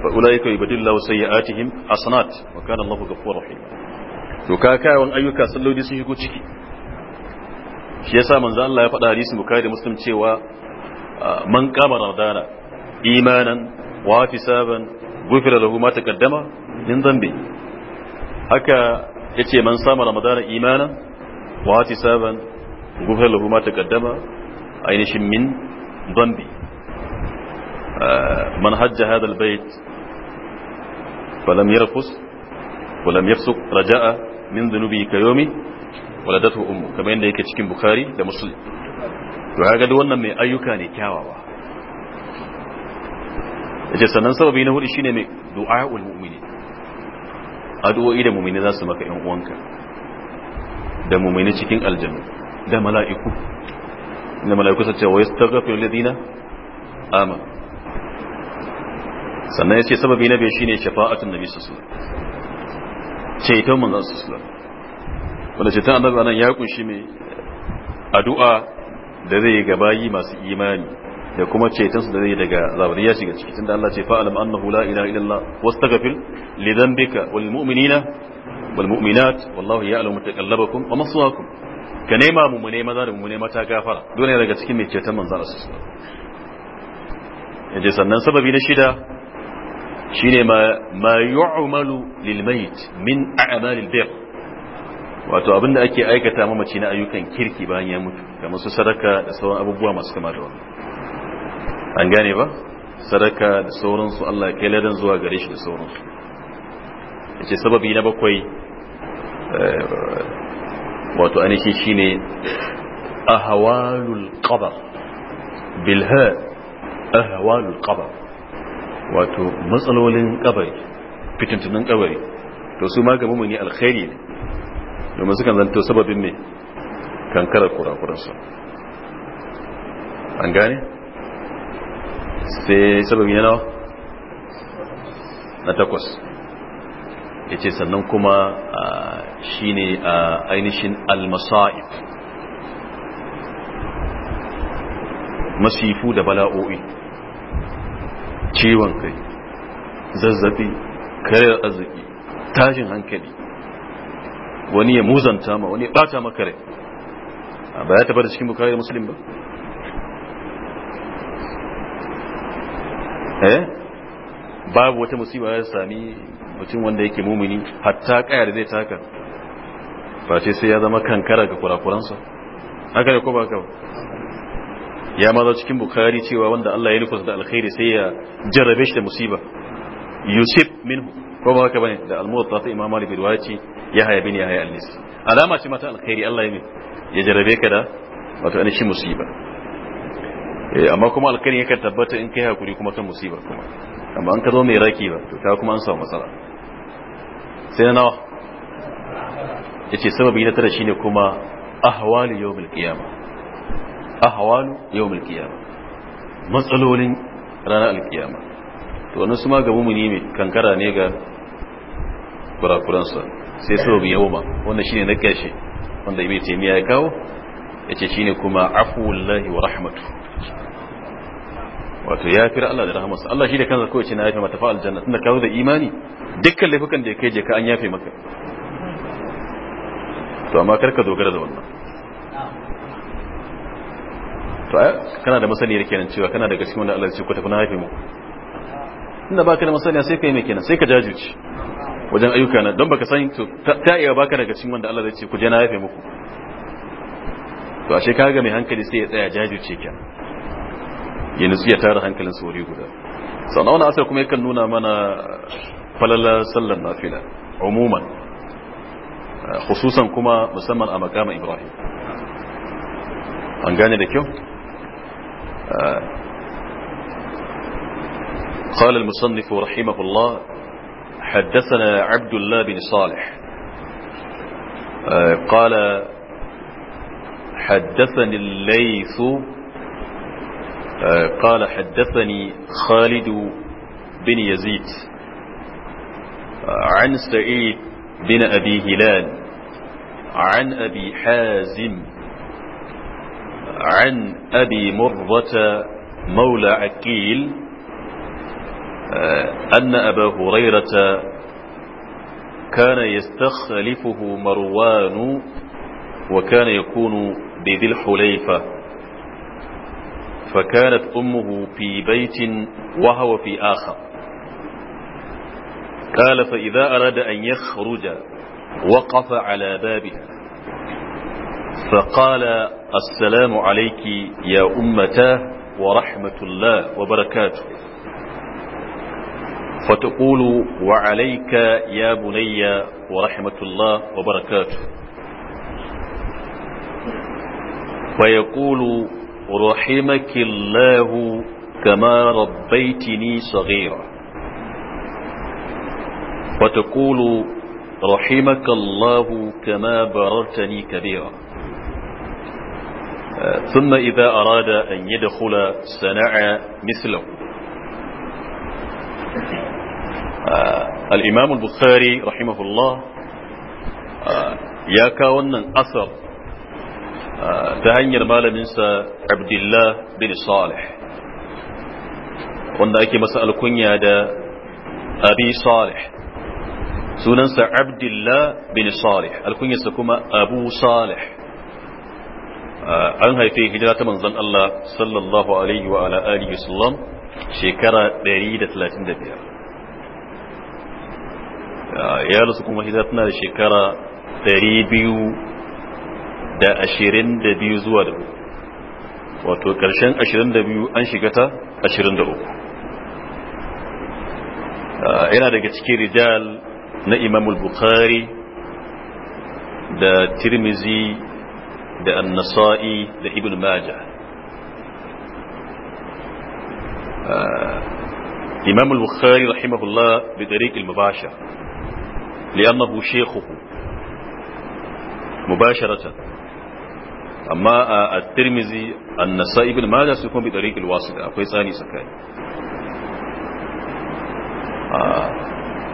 fa ulaika yubdilu Allahu sayyi'atihim hasanat wa kana Allahu ghafurur rahim to ka kyawawan ayyuka sallodi sun shigo ciki shi yasa manzo Allah ya faɗa hadisin Bukhari da Muslim cewa ah, man qama ramadana imanan wa hisaban ghufira lahu ma taqaddama min dhanbi haka ce man sama ramadana imana wa hatisaban gufar lahu ta kaddama ainihin min dhanbi ah, man hajja hadha albayt falam yarfus walam yafsuq raja'a min dhunubi kayomi waladatu ummu kamar yadda yake cikin bukari da muslim to kaga duk wannan mai ayyuka ne kyawawa ce sannan sababi na hudu shine mai du'a'ul mu'mini addu'o'i da mu'mini za su maka yan uwanka da mu'mini cikin aljanu da mala'iku da mala'iku su ce wa yastaghfiru ladina amma sannan yace sababi na bai shine shafa'atun nabi sallallahu alaihi wasallam ceton manzon sallallahu alaihi wasallam ceton annabi ya kunshi me addu'a da zai ga bayi masu imani da kuma cetonsu da zai daga zabari ya shiga ciki tunda Allah ce fa'alam annahu la ilaha illallah wastaghfir li dhanbika wal mu'minina wal mu'minat wallahu ya'lamu taqallabakum wa maswaakum ka nema mu mu nema za da mu nema ta gafara dole daga cikin mai ceton manzon Allah sallallahu alaihi sannan sababi na shida shine ma ma yu'malu lil mayt min a'malil bir wato abinda ake aikata mamaci na ayyukan kirki bayan ya mutu kamar su sadaka da sauran abubuwa masu kama da wannan an gane ba sadaka da sauransu Allah kai ladan zuwa gare shi da sauransu yace sababi na bakwai eh, wato anishi shine ahwalul qabr bilha ahwalul qabr wato matsalolin kabari fitintunan kabari to su ma mu ne alkhairi ne domin sukan zanto sababin ne kankarar kurakuransa an gane sai sababi na na takwas ya ce sannan kuma shi ne ainihin almasa'ib masifu da bala'o'i ciwon kai zazzabi karyar arziki tashin hankali wani ya muzanta ma wani ya bata maka ba ya taba da cikin bukari da musulun ba Eh? babu wata musiba ya sami mutum wanda yake mumini hatta kaya da zai taka Ba ce sai ya zama kankara ga kurakuransa haka ne ko ba ka ya maza cikin bukari cewa wanda Allah ya nufa da alkhairi sai ya jarrabe shi da musiba yusuf min ko ba ka bane da almuwatta ta imam malik riwaya ce ya haya bin ya haya alnis alama ce mata alkhairi Allah ya ne ya jarrabe ka da wato an shi musiba Eh, amma kuma alkhairi yakan tabbata in kai hakuri kuma kan musibar kuma amma an ka zo mai raki ba to ta kuma an samu matsala sai na nawa yace sababi na tara shine kuma ahwalu yawmil qiyamah ahwalu yawmil qiyamah matsalolin ranar alkiyama to wannan su ma ga mumuni ne kankara ne ga kurakuransa sai sababi yawma wannan shine na kashe wanda ya ibe taymiya ya kawo yace shine kuma afwullahi wa rahmatuhu wato ya fi Allah da rahamarsa Allah shi da kansa kawai ce na yafe mata fa aljanna tunda kawo da imani dukkan laifukan da ya kai je ka an yafe maka to amma karka dogara da wannan to kana da masaniyar kenan cewa kana da gaskiya wanda Allah ya ce ku tafi na yafe mu inda baka da masaniya sai kai yi kenan sai ka jajuci wajen ayyuka na don baka san to ta iya baka daga cikin wanda Allah ya ce ku je na yafe muku to ashe kaga mai hankali sai ya tsaya jajuce kenan ya nutsu ya tara hankalin wuri guda sannan wani asar kuma yakan nuna mana falala sallar nafila umuman khususan kuma musamman a makama ibrahim an gane da kyau قال المصنف رحمه الله حدثنا عبد الله بن صالح قال حدثني الليث آه، قال حدثني خالد بن يزيد عن سعيد بن أبي هلال عن أبي حازم عن أبي مرة مولى عقيل آه، أن أبا هريرة كان يستخلفه مروان وكان يكون بذي الحليفة فكانت أمه في بيت وهو في آخر قال فإذا أراد أن يخرج وقف على بابها فقال السلام عليك يا أمتاه ورحمة الله وبركاته فتقول وعليك يا بني ورحمة الله وبركاته فيقول رحمك الله كما ربيتني صغيرا وتقول رحمك الله كما بررتني كبيرا ثم إذا أراد أن يدخل صنع مثله الإمام البخاري رحمه الله آه، يا كاونا أثر ta hanyar malaminsa abdullah bin salih wanda ake masa alkunya da abi salih sunansa abdullah bin salih alkunyarsa kuma abu salih an haife hijira ta manzon Allah sallallahu alaihi wa ala alihi wasallam shekara 135 ya rasu kuma hijira tana da shekara 200 da ashirin da biyu zuwa da uku wato ƙarshen ashirin da biyu an shiga ta ashirin da uku yana daga cikin rijal na imamul bukhari da tirmizi da annasa'i da ibn maja imamul bukhari rahimahullah bi tariqil mubashir li'annahu shaykhuhu mubasharatan amma a tirmizi annasa ibn maja su kuma bi tariqil da akwai tsani sakai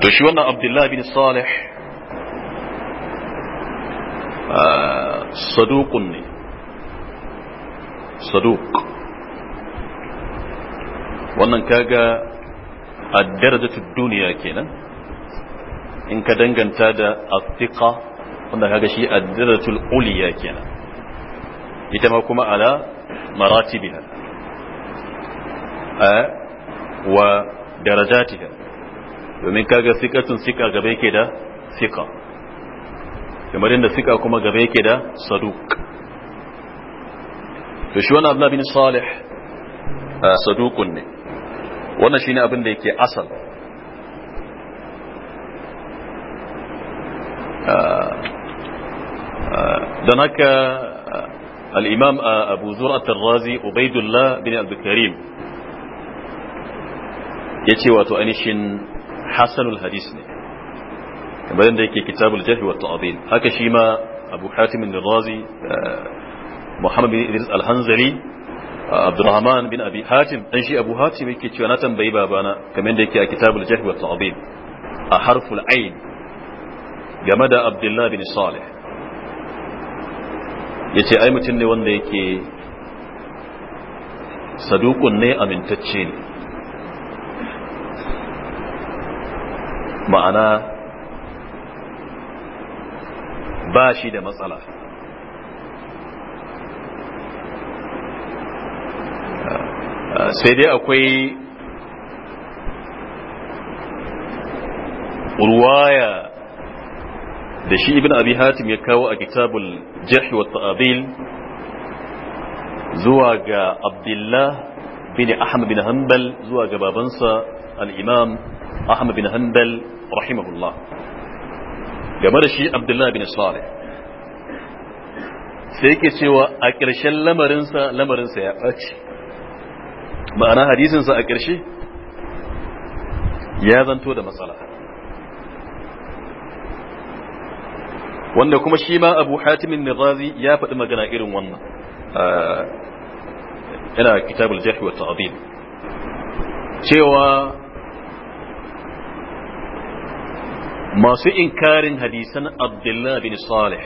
to shi wannan abdullahi bin salih saduqun ne saduq wannan kaga ad-darajatu dunya kenan in ka danganta da athiqa wanda kaga shi ad-darajatul uliya kenan ita ma kuma ala maratibiha wa darajatiha domin kaga sikatun sika gaba yake da sika kamar yadda sika kuma gaba yake da saduk to shi wani abu bin salih sadukun ne wannan shi ne abin da yake asal don haka الإمام أبو زرعة الرازي أبيد الله بن عبد الكريم يتي وتؤنش حسن الحديث كما ذلك كتاب الجهل والتعظيم هكا شيما أبو حاتم الرازي محمد بن إدريس الحنزلي عبد الرحمن بن أبي حاتم أنشي أبو حاتم كتوانة بيبابانا كما ذلك كتاب الجهل والتعظيم أحرف العين جمد عبد الله بن صالح ya ce ai mutum ne wanda yake sadukun ne amintacce ne ma'ana ba shi da matsala sai dai akwai ruwaya da shi ibn abi hatim ya kawo a kitabul jahi wa ta'dil zuwa ga abdullah bin ahmad bin hanbal zuwa ga babansa al-imam ahmad bin hanbal rahimahullah game da shi abdullah bin salih sai yake cewa a ƙarshen lamarinsa lamarinsa ya ɓace ma'ana hadisinsa a ƙarshe ya zanto da matsala wanda kuma shi ma abu hatimin nizazi ya faɗi magana irin wannan yana kitabul jahi wa ta'dil cewa masu inkarin hadisan abdullah bin salih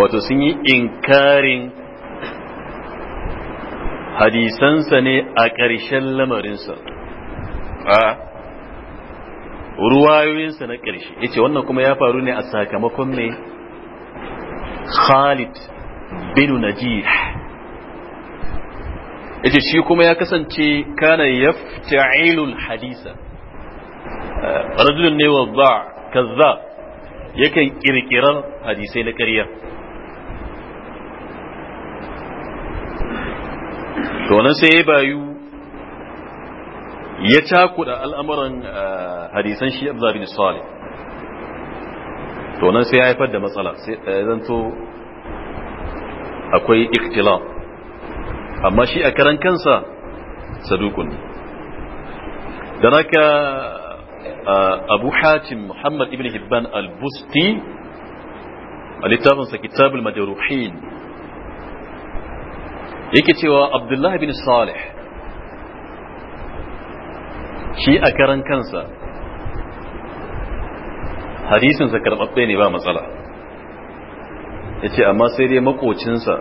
wato sun yi inkarin hadisansa ne a ƙarshen lamarinsa a ruwayoyinsa na ƙarshe ya ce wannan kuma ya faru ne a sakamakon mai khalid bin najih ya ce shi kuma ya kasance kana yafta'ilul hadisa eh, rajulun ne wadda kazzab yakan ƙirƙirar hadisai na ƙarya to nan sai ya bayu ya cakuda al'amuran eh, hadisan shi abu bin salih to sai ya haifar da matsala sai eh, zanto akwai iktila amma shi a karan kansa sadukun don haka eh, abu hatim muhammad ibn hibban al-busti a littafinsa kitabul majaruhin yake cewa abdullahi bin salih shi a karan kansa hadisinsa karɓaɓɓe ne ba matsala ya ce amma sai dai makocinsa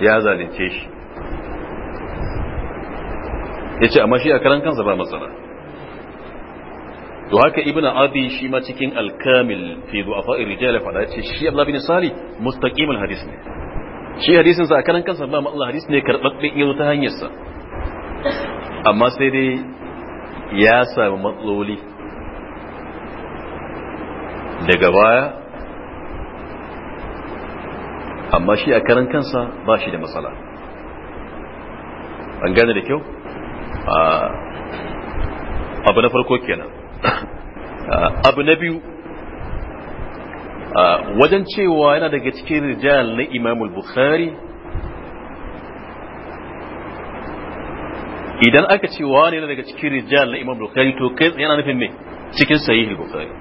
ya zalince shi ya ce amma shi a karan kansa ba matsala to haka ibn abi shi ma cikin alkamil fi du'afa irjala fada ya ce shi Allah bin sali mustaqimul hadis ne shi hadisinsa a karan kansa ba matsala hadis ne karɓaɓɓe in ta hanyarsa amma sai dai ya sami matsaloli daga baya amma shi a karan kansa ba shi da matsala an gane da kyau abu na farko kenan abu na biyu wajen cewa yana daga cikin rijal na imamul bukhari idan aka ce wa ne daga cikin rijal na imam bukhari to kai yana nufin me cikin sahih bukhari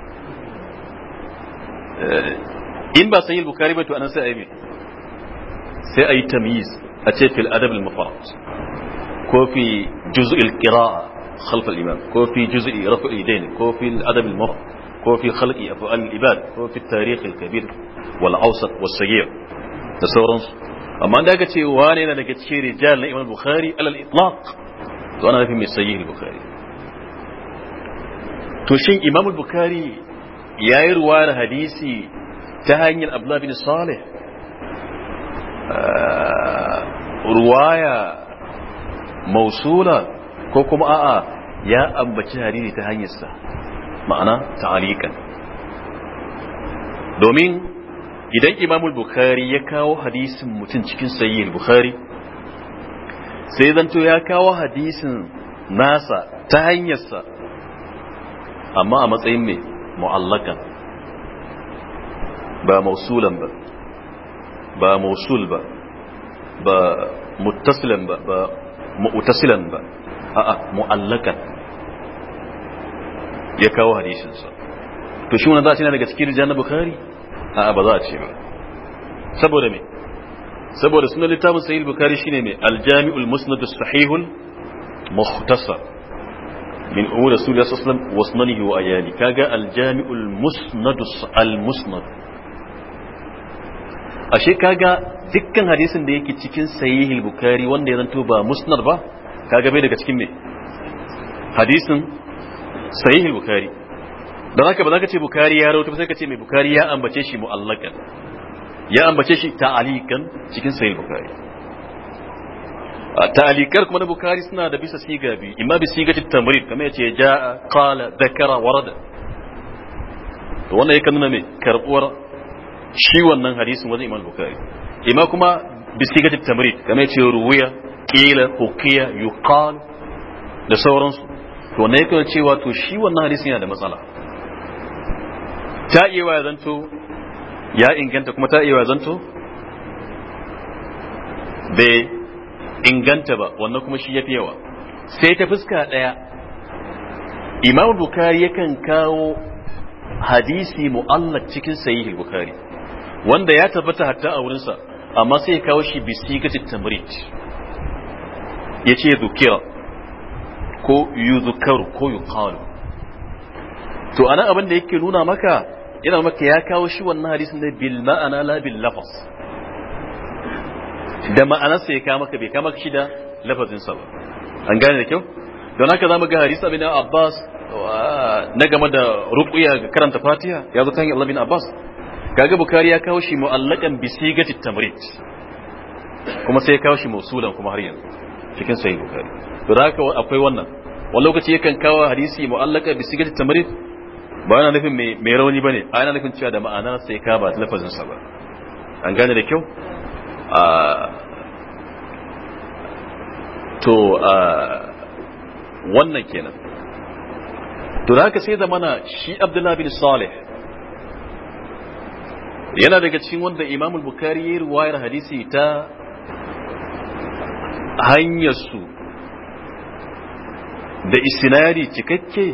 in ba sahih bukhari ba to anan sai ayi sai ayi tamyiz a ce fil adab al mufarrad ko fi juz'u al qira'a khalf al imam ko fi juz'i raf'u al yadayn ko fi al adab al mufarrad ko fi khalqi af'al al ibad ko fi al tarikh al kabir wal awsat was saghir da sauransu amma da aka ce wane yana daga cikin rijal na imam bukhari alal itlaq to ana nufin mai sahih bukhari to shin imam bukhari yayi ruwa hadisi ta hanyar abdullah bin salih ruwaya mausula ko kuma a'a ya ambaci hadisi ta hanyarsa ma'ana ta'alikan domin idan imamul bukhari ya kawo hadisin mutum cikin sayyid bukhari sai zanto ya kawo hadisin nasa ta hanyarsa amma a matsayin mai mu'allakan ba mausulan ba ba mausul ba ba muttasilan ba ba mu'tasilan ba a'a mu'allakan ya kawo hadisinsa to shi wannan za a cina daga cikin rijal na bukhari a'a ba za a ce ba saboda me saboda sunan littafin sahih bukhari shine mai al-jami'ul musnad as-sahihul mukhtasar min umur rasul sallallahu alaihi wasallam wa wa ayali kaga al-jami'ul musnad al-musnad ashe kaga dukkan hadisin da yake cikin sahihul bukhari wanda ya zanto ba musnad ba kaga bai daga cikin me hadisin sahihul bukhari dan haka ba za ka ce bukari ya rawaito sai ka ce mai bukari ya ambace shi mu'allakan ya ambace shi ta'alikan cikin sahih bukari ta'alikar kuma na bukari suna da bisa siga bi imma bi sigati tamrid kamar ce ja, qala dhakara warada to wannan yakan nuna me karbuwar shi wannan hadisin wajen imam bukari imma kuma bi sigati tamrid kamar ce ruwiya qila huqiya yuqal da sauransu to ne yakan cewa to shi wannan hadisin yana da matsala ta iya wa zanto ya inganta kuma ta iya wa zanto bai inganta ba wannan kuma shi ya fi yawa sai ta fuska ɗaya imam bukari yakan kawo hadisi mu'allak cikin sahihi bukari wanda ya tabbata hatta a wurinsa amma sai ya kawo shi bisigati tamrit ya ce zukira ko yuzukaru ko yuqalu to anan abin da yake nuna maka yana maka ya kawo shi wannan hadisin da bil ma'ana la bil lafaz da ma'anarsa ya kawo maka bai kawo maka shi da lafazin sa ba an gane da kyau don haka zamu ga hadisi abin Abbas na game da ruqya ga karanta Fatiha ya zo kan Allah bin Abbas kaga Bukhari ya kawo shi mu'allakan bi sigati tamrid kuma sai ya kawo shi mausulan kuma har yanzu cikin sahih Bukhari don haka akwai wannan wani lokaci yakan kawo hadisi mu'allaka bi sigati tamrid ba na nufin mai rauni ba ne ana nufin cewa da ma'ana sai ka ba lafazinsa ba an gane da kyau to wannan kenan to da haka sai da mana shi abdullahi bin salih yana daga cikin wanda imamul bukari ya ruwayar hadisi ta hanyarsu da isinari cikakke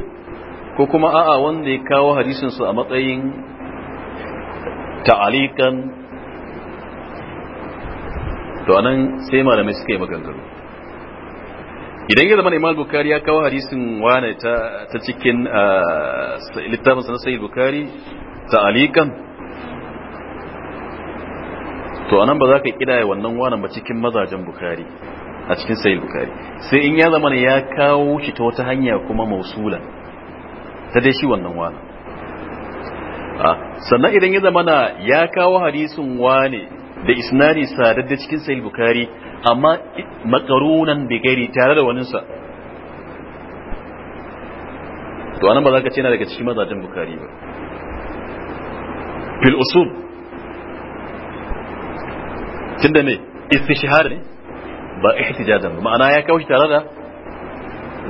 ko kuma a'a wanda ya kawo hadisinsu a matsayin ta'alikan to anan sai malamai suka yi maganganu idan ya zama na imal bukari ya kawo hadisin wane ta cikin ah, littafin na sayi bukari ta'alikan to anan ba za ka kidaye wannan wanan ba cikin mazajen bukari a cikin sayi bukari sai in ya zama ya kawo shi ta wata hanya kuma mausulan ta dai shi wannan wani sannan idan ya zamana ya kawo hadisin wani da isnadi sadar da cikin sahih bukari amma makarunan bigari tare da waninsa to anan ba za ka ce na daga cikin mazajen bukari ba fil usul tunda ne istishhar ne ba ihtijazan ba ma'ana ya kawo shi tare da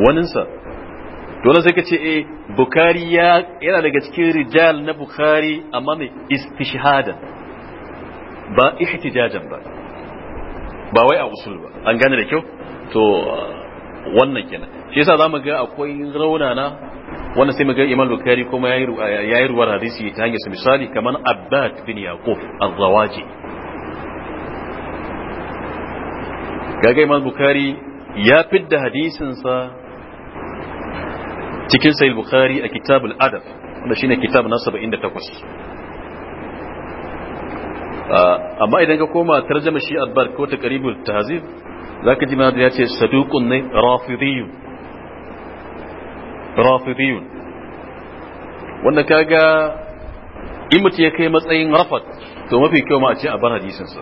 waninsa dole sai ka ce eh bukari ya yana daga cikin rijal na bukari amma mai istishhadan ba ihtijajan ba ba wai a usul ba an gane da kyau to wannan kenan shi yasa zamu ga akwai raunana wannan sai mu ga Imam bukari kuma yayi yayi ruwar hadisi ta hanyar misali kamar Abbad bin Yaqub az-Zawaji kaga Imam bukari ya fidda hadisin sa cikin sahih bukhari a kitabul adab wanda shine kitab na 78 amma idan ka koma tarjama shi adbar ko ta taqribul tahzib zaka ji mana ya ce saduqun ne rafidiyun rafidiyun wanda kaga in mutum ya kai matsayin rafat to mafi kyau ma a ce a bar hadisinsa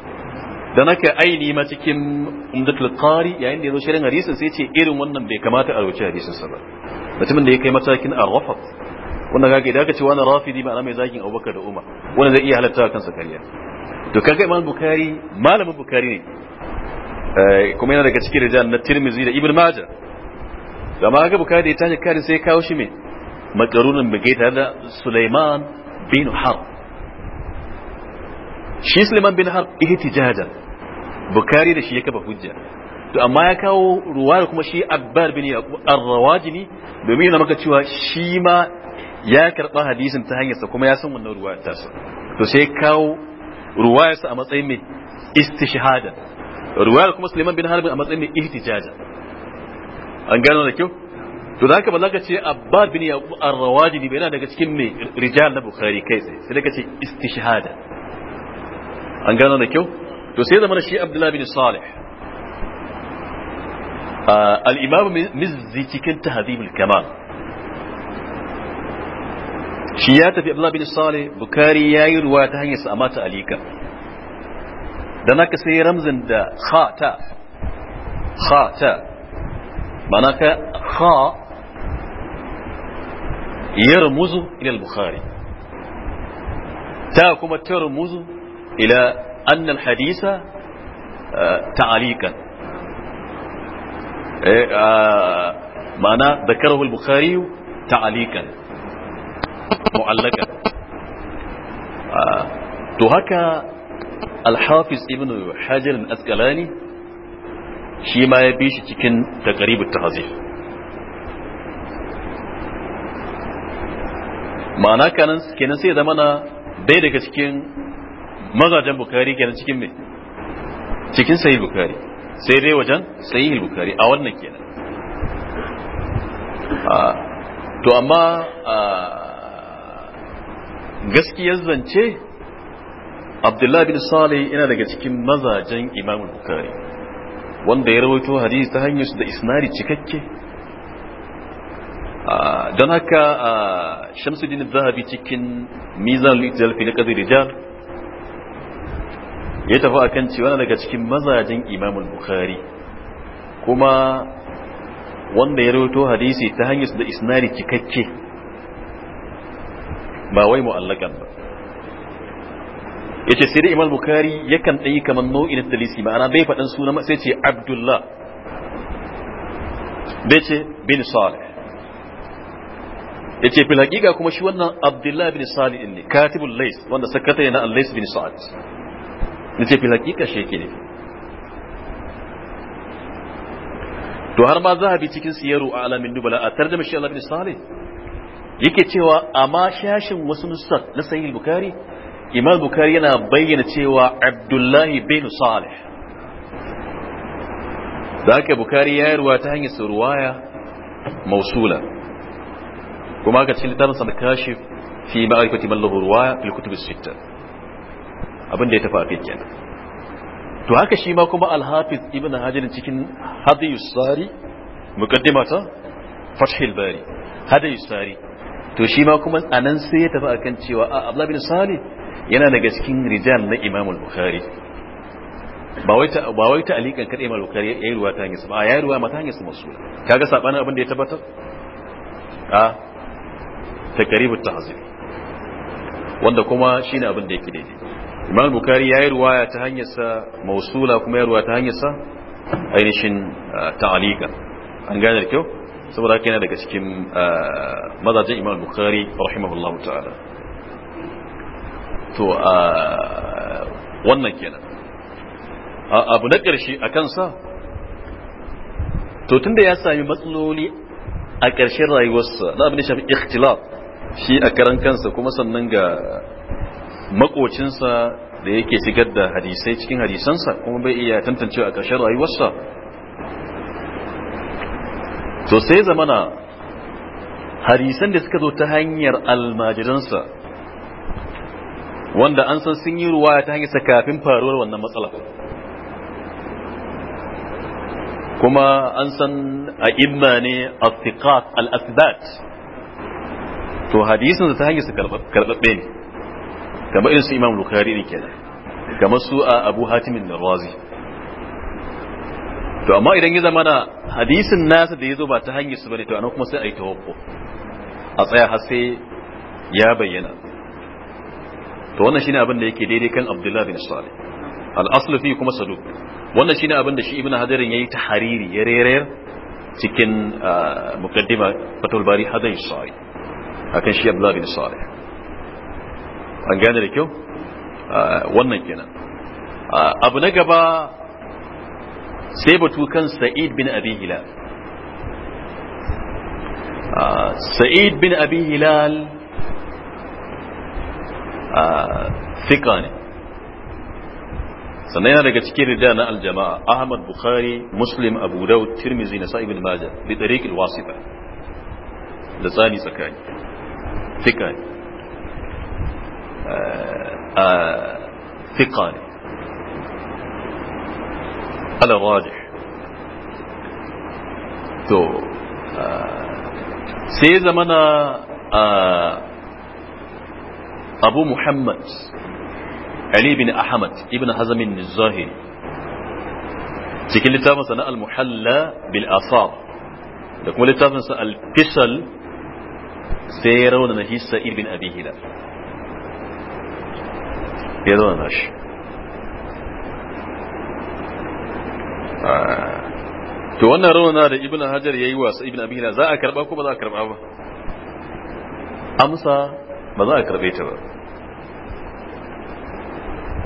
da naka aini ma cikin umdatul qari yayin da yazo shirin hadisin sai ce irin wannan bai kamata a rubuce hadisinsa ba mutumin da ya kai matakin arrafat wanda ga idan aka ce wani rafidi ma'ana mai zagin abubakar da umar wanda zai iya halatta kansa kariya to kaga imam bukari malamin bukari ne kuma yana daga cikin rijal na tirmizi da ibn majah amma kaga bukari da ya tashi kare sai ya kawo shi mai makarunan bigai tare da sulaiman bin harb shi sulaiman bin harb ihtijajan bukari da shi ya kafa hujja to amma ya kawo ruwa kuma shi abbar bin ar-rawajini domin yana maka cewa shi ma ya karba hadisin ta hanyarsa kuma ya san wannan ruwa ta to sai kawo ruwa ya a matsayin mai istishhada ruwa kuma suleiman bin harbin a matsayin mai ihtijaja an gano da kyau to da haka ba za ka ce abbar bin ar-rawajini bai yana daga cikin mai rijal na bukhari kai sai sai ka ce istishhada an gano da kyau to sai zama shi abdullahi bin salih آه، الإمام مزي تكن تهذيب الكمال شياتة في أبلا بن الصالح بكاري يايد واتهن يسأمات أليك دناك سي رمز دا خا تا خا تا مناك خا يرمز إلى البخاري تا كما ترمز إلى أن الحديث آه، تعليقا ma'ana da karahul bukari ta'alikan mu'allakan to haka alhafiz ibn hajar al-asqalani shi ma ya bi shi cikin taqribut tahzir ma'ana kanan kenan sai zama na bai daga cikin mazajen bukari kenan cikin me cikin sahih bukari sai dai wajen yi bukari a wannan kenan to amma gaskiyar zance abdullahi bin salih yana daga cikin mazajen imam bukari wanda ya rawaito hadisi ta hanyar su da isnari cikakke don haka shamsuddin zahabi cikin mizan littafi na kadir ya tafi a kan cewa daga cikin mazajen imamul bukari kuma wanda ya roto hadisi ta hanyar da isnari cikakke ba wai mu'allakan ba Ya ce sai da imam bukari yakan ɗaya kamar nau'in talisi ma'ana bai faɗin suna sai ce abdullah bai ce bin salih ce fil hakika kuma shi wannan abdullah bin salih ne katibul lais wanda sakatare na al-lais bin sa'ad ce fil hakika shi yake nufi to har ma zahabi cikin siyaru a alamin dubala a tarjama shi Allah bin Salih yake cewa amma shashin wasu nusat na sahih bukhari imam bukhari yana bayyana cewa abdullahi bin salih da haka bukhari ya yarwa ta hanyar surwaya mausula kuma aka cikin littafin sa kashif fi ma'arifati man lahu ruwaya fil kutub as-sittah Abinda ya tafi a kai to haka shi ma kuma al ibn hajar cikin hadiyu sari muqaddimata fathil bari hadiyu sari to shi ma kuma anan sai ya tafi a kan cewa a abdullah bin salih yana daga cikin rijal na imamul al-bukhari ba wai ta ba wai ta alikan kada imam al-bukhari yayi ruwa ta hanyar sama ba yi ruwa mata hanyar sama su masul ga sabanin abin da ya tabbatar a ta karibu ta tahzib wanda kuma shi shine abin da yake daidai imam al ya yi ruwaya ta hanyarsa mausula kuma ya ruwaya ta hanyarsa ainihin ta'alika an gane da kyau saboda haka yana daga cikin mazajen imam al-bukhari rahimahullahu ta'ala to a wannan kenan abu na ƙarshe a kansa to tunda ya sami matsaloli a ƙarshen rayuwarsa na abin da shafi ikhtilaf shi a karan kansa kuma sannan ga makocinsa da yake shigar da hadisai cikin hadisansa kuma bai iya tantance a ƙarshen rayuwarsa to sai zamana hadisan da suka zo ta hanyar almajiransa wanda an san sun yi ruwa ta hanyarsa kafin faruwar wannan matsala kuma an san a imma ne al-athiqat al-athbat to hadisin ta hanyarsa karɓaɓɓe ne kamar irin su imam bukari din kenan kamar su a abu hatimin da razi to amma idan ya zama na hadisin nasa da ya zo ba ta hanyar su bane to anan kuma sai a yi tawakko a tsaya har sai ya bayyana to wannan shine abin da yake daidai kan abdullahi bin salih al-aslu fi kuma sadu. wannan shine abin da shi ibnu hadarin yayi tahariri ya rerayar cikin muqaddima fatul bari hadai sai akan shi abdullahi bin salih an gane da kyau ah, wannan kenan ah, abu na gaba sai batu kan sa'id bin abi hilal ah, sa'id bin abi hilal fika ne sannan yana daga cikin rida na aljama'a ahmad bukhari muslim abu daud tirmizi na bin maja bi tariqil wasifa da tsani tsakani fika ne ثقان على الراجح to sai zamana abu muhammad ali bin ahmad ibn hazamin zahiri cikin littafinsa na al-muhalla bil asab da kuma littafinsa al-fisal sai ya raunana hissa ibn abi hilal ya na shi to wannan rawana da ibn hajar ya wa sa ibn abihila za a karba ko ba za a karba ba amsa ba za a karbe ta ba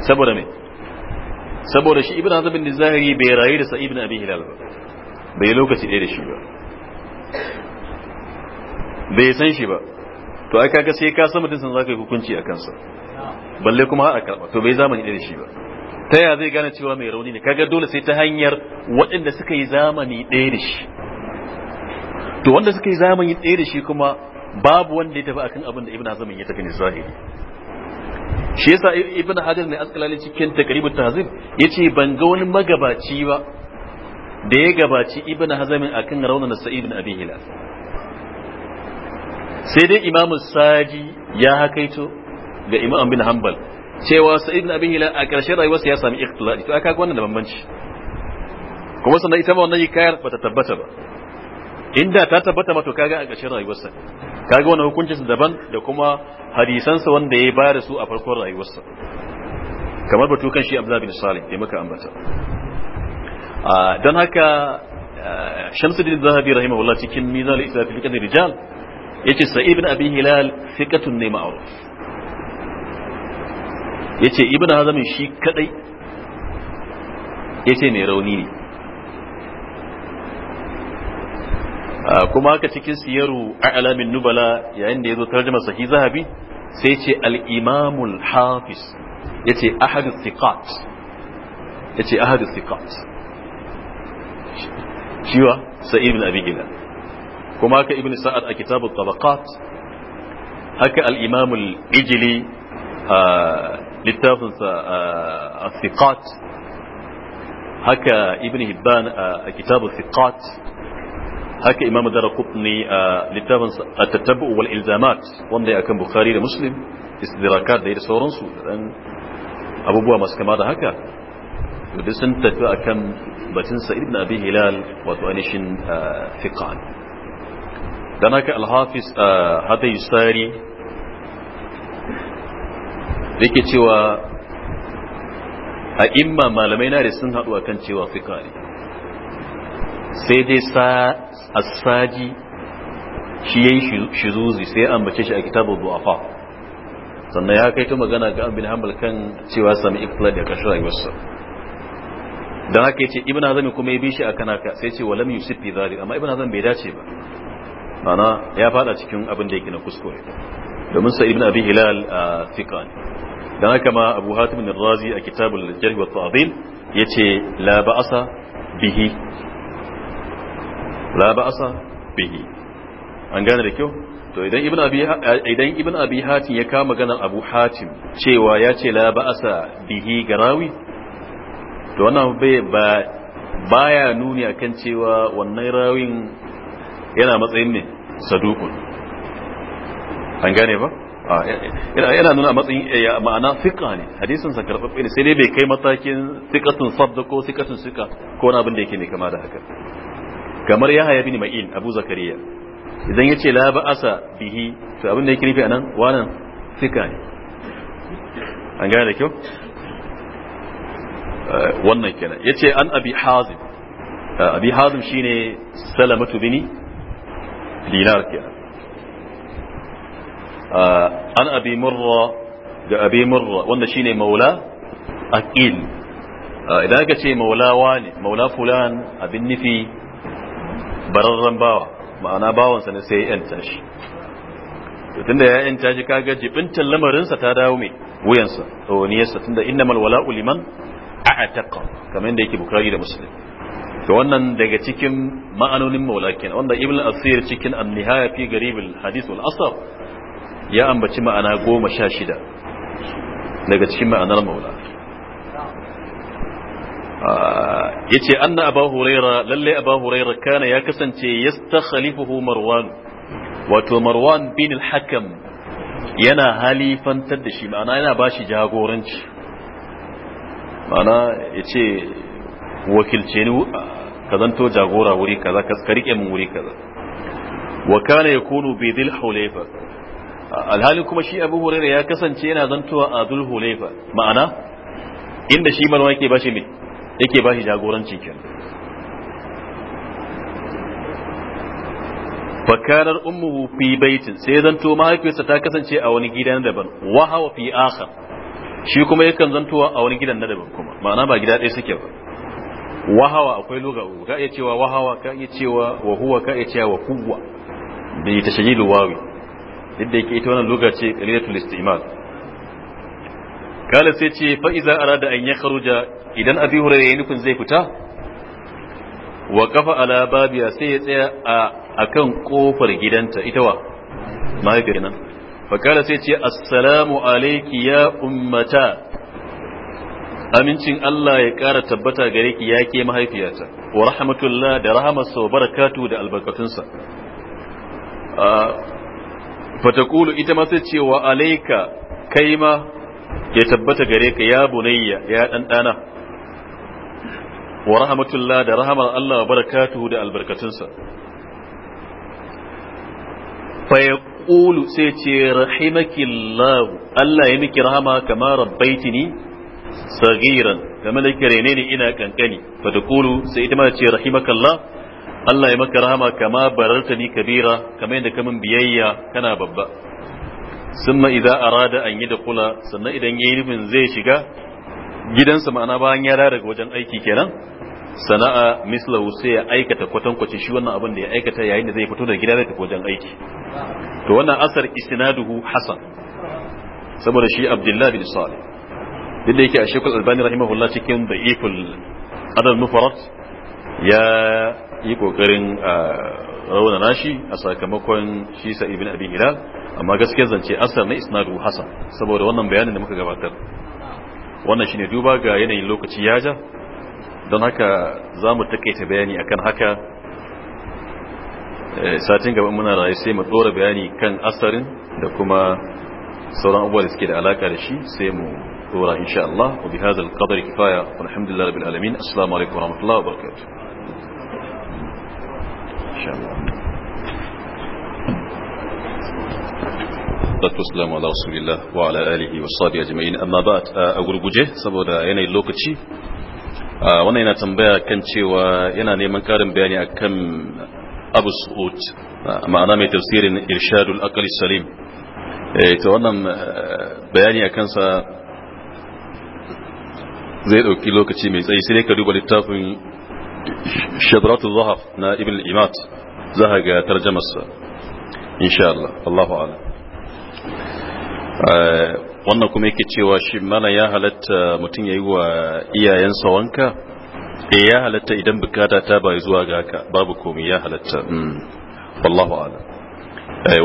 saboda me saboda shi ibn hajar bin zahiri bai rayu da sa ibn abihila ba bai lokaci ɗaya da shi ba bai san shi ba to ai kaga sai ka san mutum san zaka yi hukunci a kansa balle kuma har a karba to bai zamani ɗaya da shi ba ta ya zai gane cewa mai rauni ne kaga dole sai ta hanyar waɗanda suka yi zamani ɗaya da shi to wanda suka yi zamani ɗaya da shi kuma babu wanda ya tafi akan abin da ibn hazm ya tafi ne zahiri shi yasa ibn hajar ne askalali cikin taqribut tahzib yace ban ga wani magabaci ba da ya gabaci ibn hazm akan raunin sa'id ibn abi hilal sai dai imamu saji ya hakaito ga imam bin hanbal cewa sa'id na bin hilal a ƙarshen rayuwarsa ya sami ikhtilali to aka ga wannan da bambanci kuma sannan ita ma wannan ba bata tabbata ba inda ta tabbata ma to kaga a ƙarshen rayuwarsa kaga wannan hukuncin daban da kuma hadisansa wanda ya bayar da su a farkon rayuwarsa kamar batu kan shi abdullahi bin salim da muka ambata don haka shamsuddin zahabi rahimahullah cikin mizal islam fi fiqh rijal yace sa'id bin abi hilal fiqatun ne ma'ruf ya ce ibn hazamin shi kadai ya ce mai rauni ne kuma haka cikin siyaru a alamin nubala yayin da ya zo tarjama sahi zahabi sai ce al'imamul hafiz ya ce ahadis ya ce ahadis sikat shiwa sa'id bin abigina kuma haka ibn sa'ad a kitabun tabaqat haka al'imamul ijili لتاخذ آه، آه، الثقات هكا ابن هبان آه، كتاب الثقات هكا امام دار قطني لتاخذ التتبع والالزامات وانا كان بخاري مسلم استدراكات دير سورنسو ابو بوا مسكما هذا هكا بس انت كم ابن ابي هلال وتؤنشن ثقان دناك الحافظ هذا يساري yake cewa a imma malamai na da sun haɗu a kan cewa fika ne sai dai asaji shi yayi zuzi sai ambace shi a kitabar bu'afa sannan ya kai ta magana ga abin hanbal kan cewa sami ikla da kashin rayuwarsa don haka ce ibn zami kuma ya bi shi a kanaka sai ce lamu yusuf fi zari amma ibn zami bai dace ba mana ya fada cikin abin da yake na kuskure domin sa'id ibn abi hilal a fiqa dan haka ma abu hatim bin razi a kitabul jarh wa ta'dil yace la ba'asa bihi la ba'asa bihi an gane da kyau to idan ibn abi idan ibn abi hatim ya kama maganar abu hatim cewa ya ce la ba'asa bihi garawi to wannan bai ba baya nuni akan cewa wannan rawin yana matsayin ne saduqun an gane ba ah, yana nuna a matsayin eh, ma'ana fiqa ne hadisin sa karfafe ne sai dai bai kai matakin fiqatun sabda ko fiqatun sika ko wani abin da yake ne kama da haka kamar ya haya bin ma'in abu zakariya idan ya ce la ba'asa bihi to abin da yake nufi anan wannan fiqa ne an gane da kyau eh, wannan kenan yace an abi hazim ah, abi hazim shine salamatu bini dinar kenan an abi murra ga abi murra wanda shine maula aqil idan aka ce maula wani maula fulan abin nufi bararren bawa ma'ana bawansa ne sai yan tashi tunda ya ka tashi kaga jibintan lamarinsa ta dawo mai wuyansa tsawaniyarsa tunda innamal wala'u liman a'ataqa kamar yadda yake bukari da muslim to wannan daga cikin ma'anonin maula kenan wanda ibn asir cikin an-nihaya fi garibil al-hadith wal ya ambaci ma'ana goma sha shida daga cikin ma'anar maula ah, ya ce an na abu lalle abu huraira kana ya kasance ya stakhalifuhu marwan wato marwan bin al-hakam yana halifantar da shi ma'ana yana ba shi jagoranci ma'ana ya ce wakilce ni ka zanto jagora wuri kaza ka rike min wuri kaza wa kana yakunu bi dhil hulaifa alhali kuma shi abu huraira ya kasance yana zantowa a zulhulaifa ma'ana inda shi marwa yake bashi ne yake bashi jagoranci kenan fakarar ummuhu fi baitin sai zanto mahaifiyarsa ta kasance a wani gidan daban wahawa fi akhar shi kuma yakan zantowa a wani gidan na daban kuma ma'ana ba gida ɗaya suke ba wahawa akwai loga uku ka iya cewa wahawa ka iya cewa wahuwa ka iya cewa wahuwa da ita shagilu wawi yadda yake ita wannan luga ce qalilatul istimal kala sai ce fa iza arada an yakhruja idan abi hurairah yayin nufin zai fita wa kafa ala babiya sai ya tsaya a akan kofar gidanta ita wa mahaifiyar nan fa kala sai ce assalamu alayki ya ummata amincin Allah ya kara tabbata gare ki ya ke mahaifiyata wa rahmatullah da rahmatu wa barakatu da albarkatunsa ah, fatakulu ita ma sai ce wa alaika kai ma ya tabbata gare ka ya bunayya ya ɗanɗana. wa rahmatullah da rahmar Allah wa barakatuhu da albarkatunsa fa yaqulu sai ce rahimakillah Allah ya miki rahama kama rabbaitini sagiran da kire ne ina ƙanƙani fa taqulu sai ita ma ce rahimakallah Allah ya maka rahama kama bararta ni kabira kamar yadda kamun biyayya kana babba summa idza arada an yi da kula sannan idan yayi nufin zai shiga gidansa ma'ana bayan ya daga wajen aiki kenan sana'a mislahu sai ya aikata kwatankwacin shi wannan abin da ya aikata yayin da zai fito da gida daga wajen aiki to wannan asar isnaduhu hasan saboda shi abdullahi bin salih duk da yake a shekul albani rahimahullah cikin da'iful adal mufarad ya yi kokarin raunana shi a sakamakon shisa ibn abi hilal amma gaskiyar zance asar na isnadu hasan saboda wannan bayanin da muka gabatar wannan shine duba ga yanayin lokaci ya ja don haka za mu takaita bayani akan haka eh, satin gaban muna rayu sai mu tsora bayani kan asarin da kuma sauran abubuwa da suke da alaka da shi sai mu dora insha Allah wa bi hadha al kifaya walhamdulillahi rabbil alamin assalamu wa rahmatullahi wa شاء الله والسلام على رسول الله وعلى آله وصحبه أجمعين أما بعد أقول بجه سبودا أنا اللوكتشي وانا ينا تنبيا كنتي وانا نيمان كارم بياني أكم أبو سعود معنا من تفسير إرشاد الأقل السليم توانا بياني أكم سا زيد أوكي لوكتشي ميز أي سيدي كدوب للتافن shadratu zahaf na ibn imat za ga tarjamarsa insha Allah Allahu ala wannan kuma yake cewa shi mana ya halatta mutum ya yi wa iyayensa wanka e ya halatta idan bukata ta bai zuwa ga haka babu komai ya halatta wallahu ala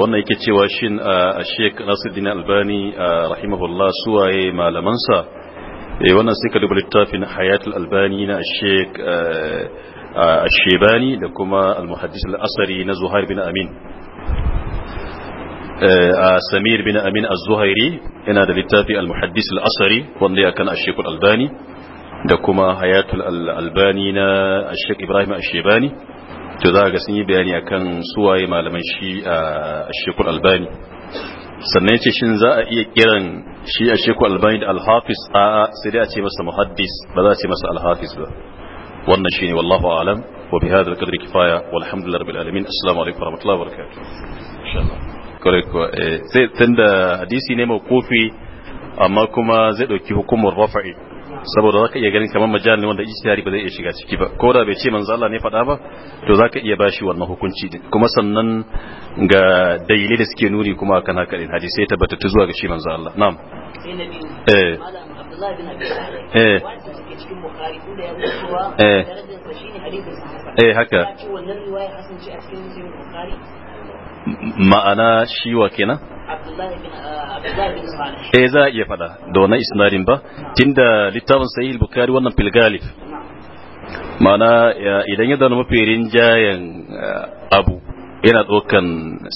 wannan yake cewa shi a Sheikh Nasiruddin Albani rahimahullah suwaye malamansa eh wannan sai ka duba littafin hayatul albani na sheik eh, eh, ashebani da kuma al-muhaddis al-asari na zuhair bin amin eh, a samir bin amin az-zuhairi yana da littafi al-muhaddis al-asari wanda ya kana sheik albani da kuma hayatul albani na sheik ibrahim ashebani to za ga sun yi bayani akan suwaye malaman shi a sheik albani sannan ya ce shin za a iya kiran shi a sheku albani da alhafiz a sai dai a ce masa muhaddis ba za a ce masa alhafiz ba wannan shine wallahu alam wa bi hadha alqadri kifaya walhamdulillahi rabbil alamin assalamu alaikum warahmatullahi wabarakatuh inshallah kare ko eh, sai tunda hadisi ne mai kofi amma kuma zai dauki hukumar rafa'i saboda zaka iya ganin kamar majal ne wanda ijtihadi ba zai iya shiga ciki ba ko da bai ce manzo Allah ne faɗa ba to zaka iya bashi wannan hukunci din kuma sannan ga dalili da suke nuni kuma akan haka din hadisi ya tabbata zuwa ga shi manzo Allah na'am eh eh eh. eh haka ma'ana shi wa kenan Uh, eh za a iya fada da wannan isnarin ba tinda littafin sahih bukhari wannan fil mana idan ya zana mafi rinjayen uh, abu yana ɗaukan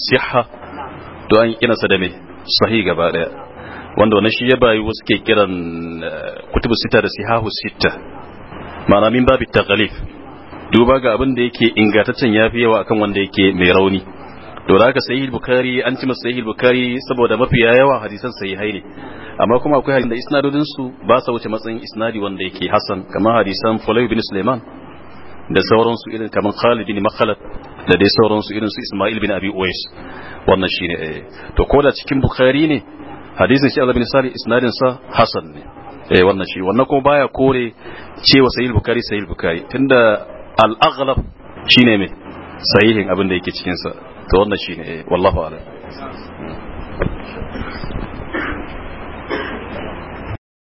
siha to an kina da me sahi gaba daya wanda wannan shi ya bayi wasu ke kiran uh, kutubu sita da sihahu sita mana min babu taqalif duba ga abin da yake ingantaccen yafi yawa akan wanda yake mai rauni to da haka sahih bukhari an ci masa sahih bukhari saboda mafi yawa hadisan sahihai ne amma kuma akwai hadisan da isnadodin su ba sa wuce matsayin isnadi wanda yake hasan kamar hadisan Fulay bin Sulaiman da sauransu irin kamar Khalid bin Makhlad da dai sauransu irin su Ismail bin Abi Uwais wannan shine eh to ko da cikin bukari ne hadisin shi Allah bin Sari isnadin sa hasan ne eh wannan shi wannan kuma baya kore cewa sahih bukhari sahih bukhari tunda al-aghlab shine me sahihin abin da yake cikin sa to wannan shine eh, wallahu a'lam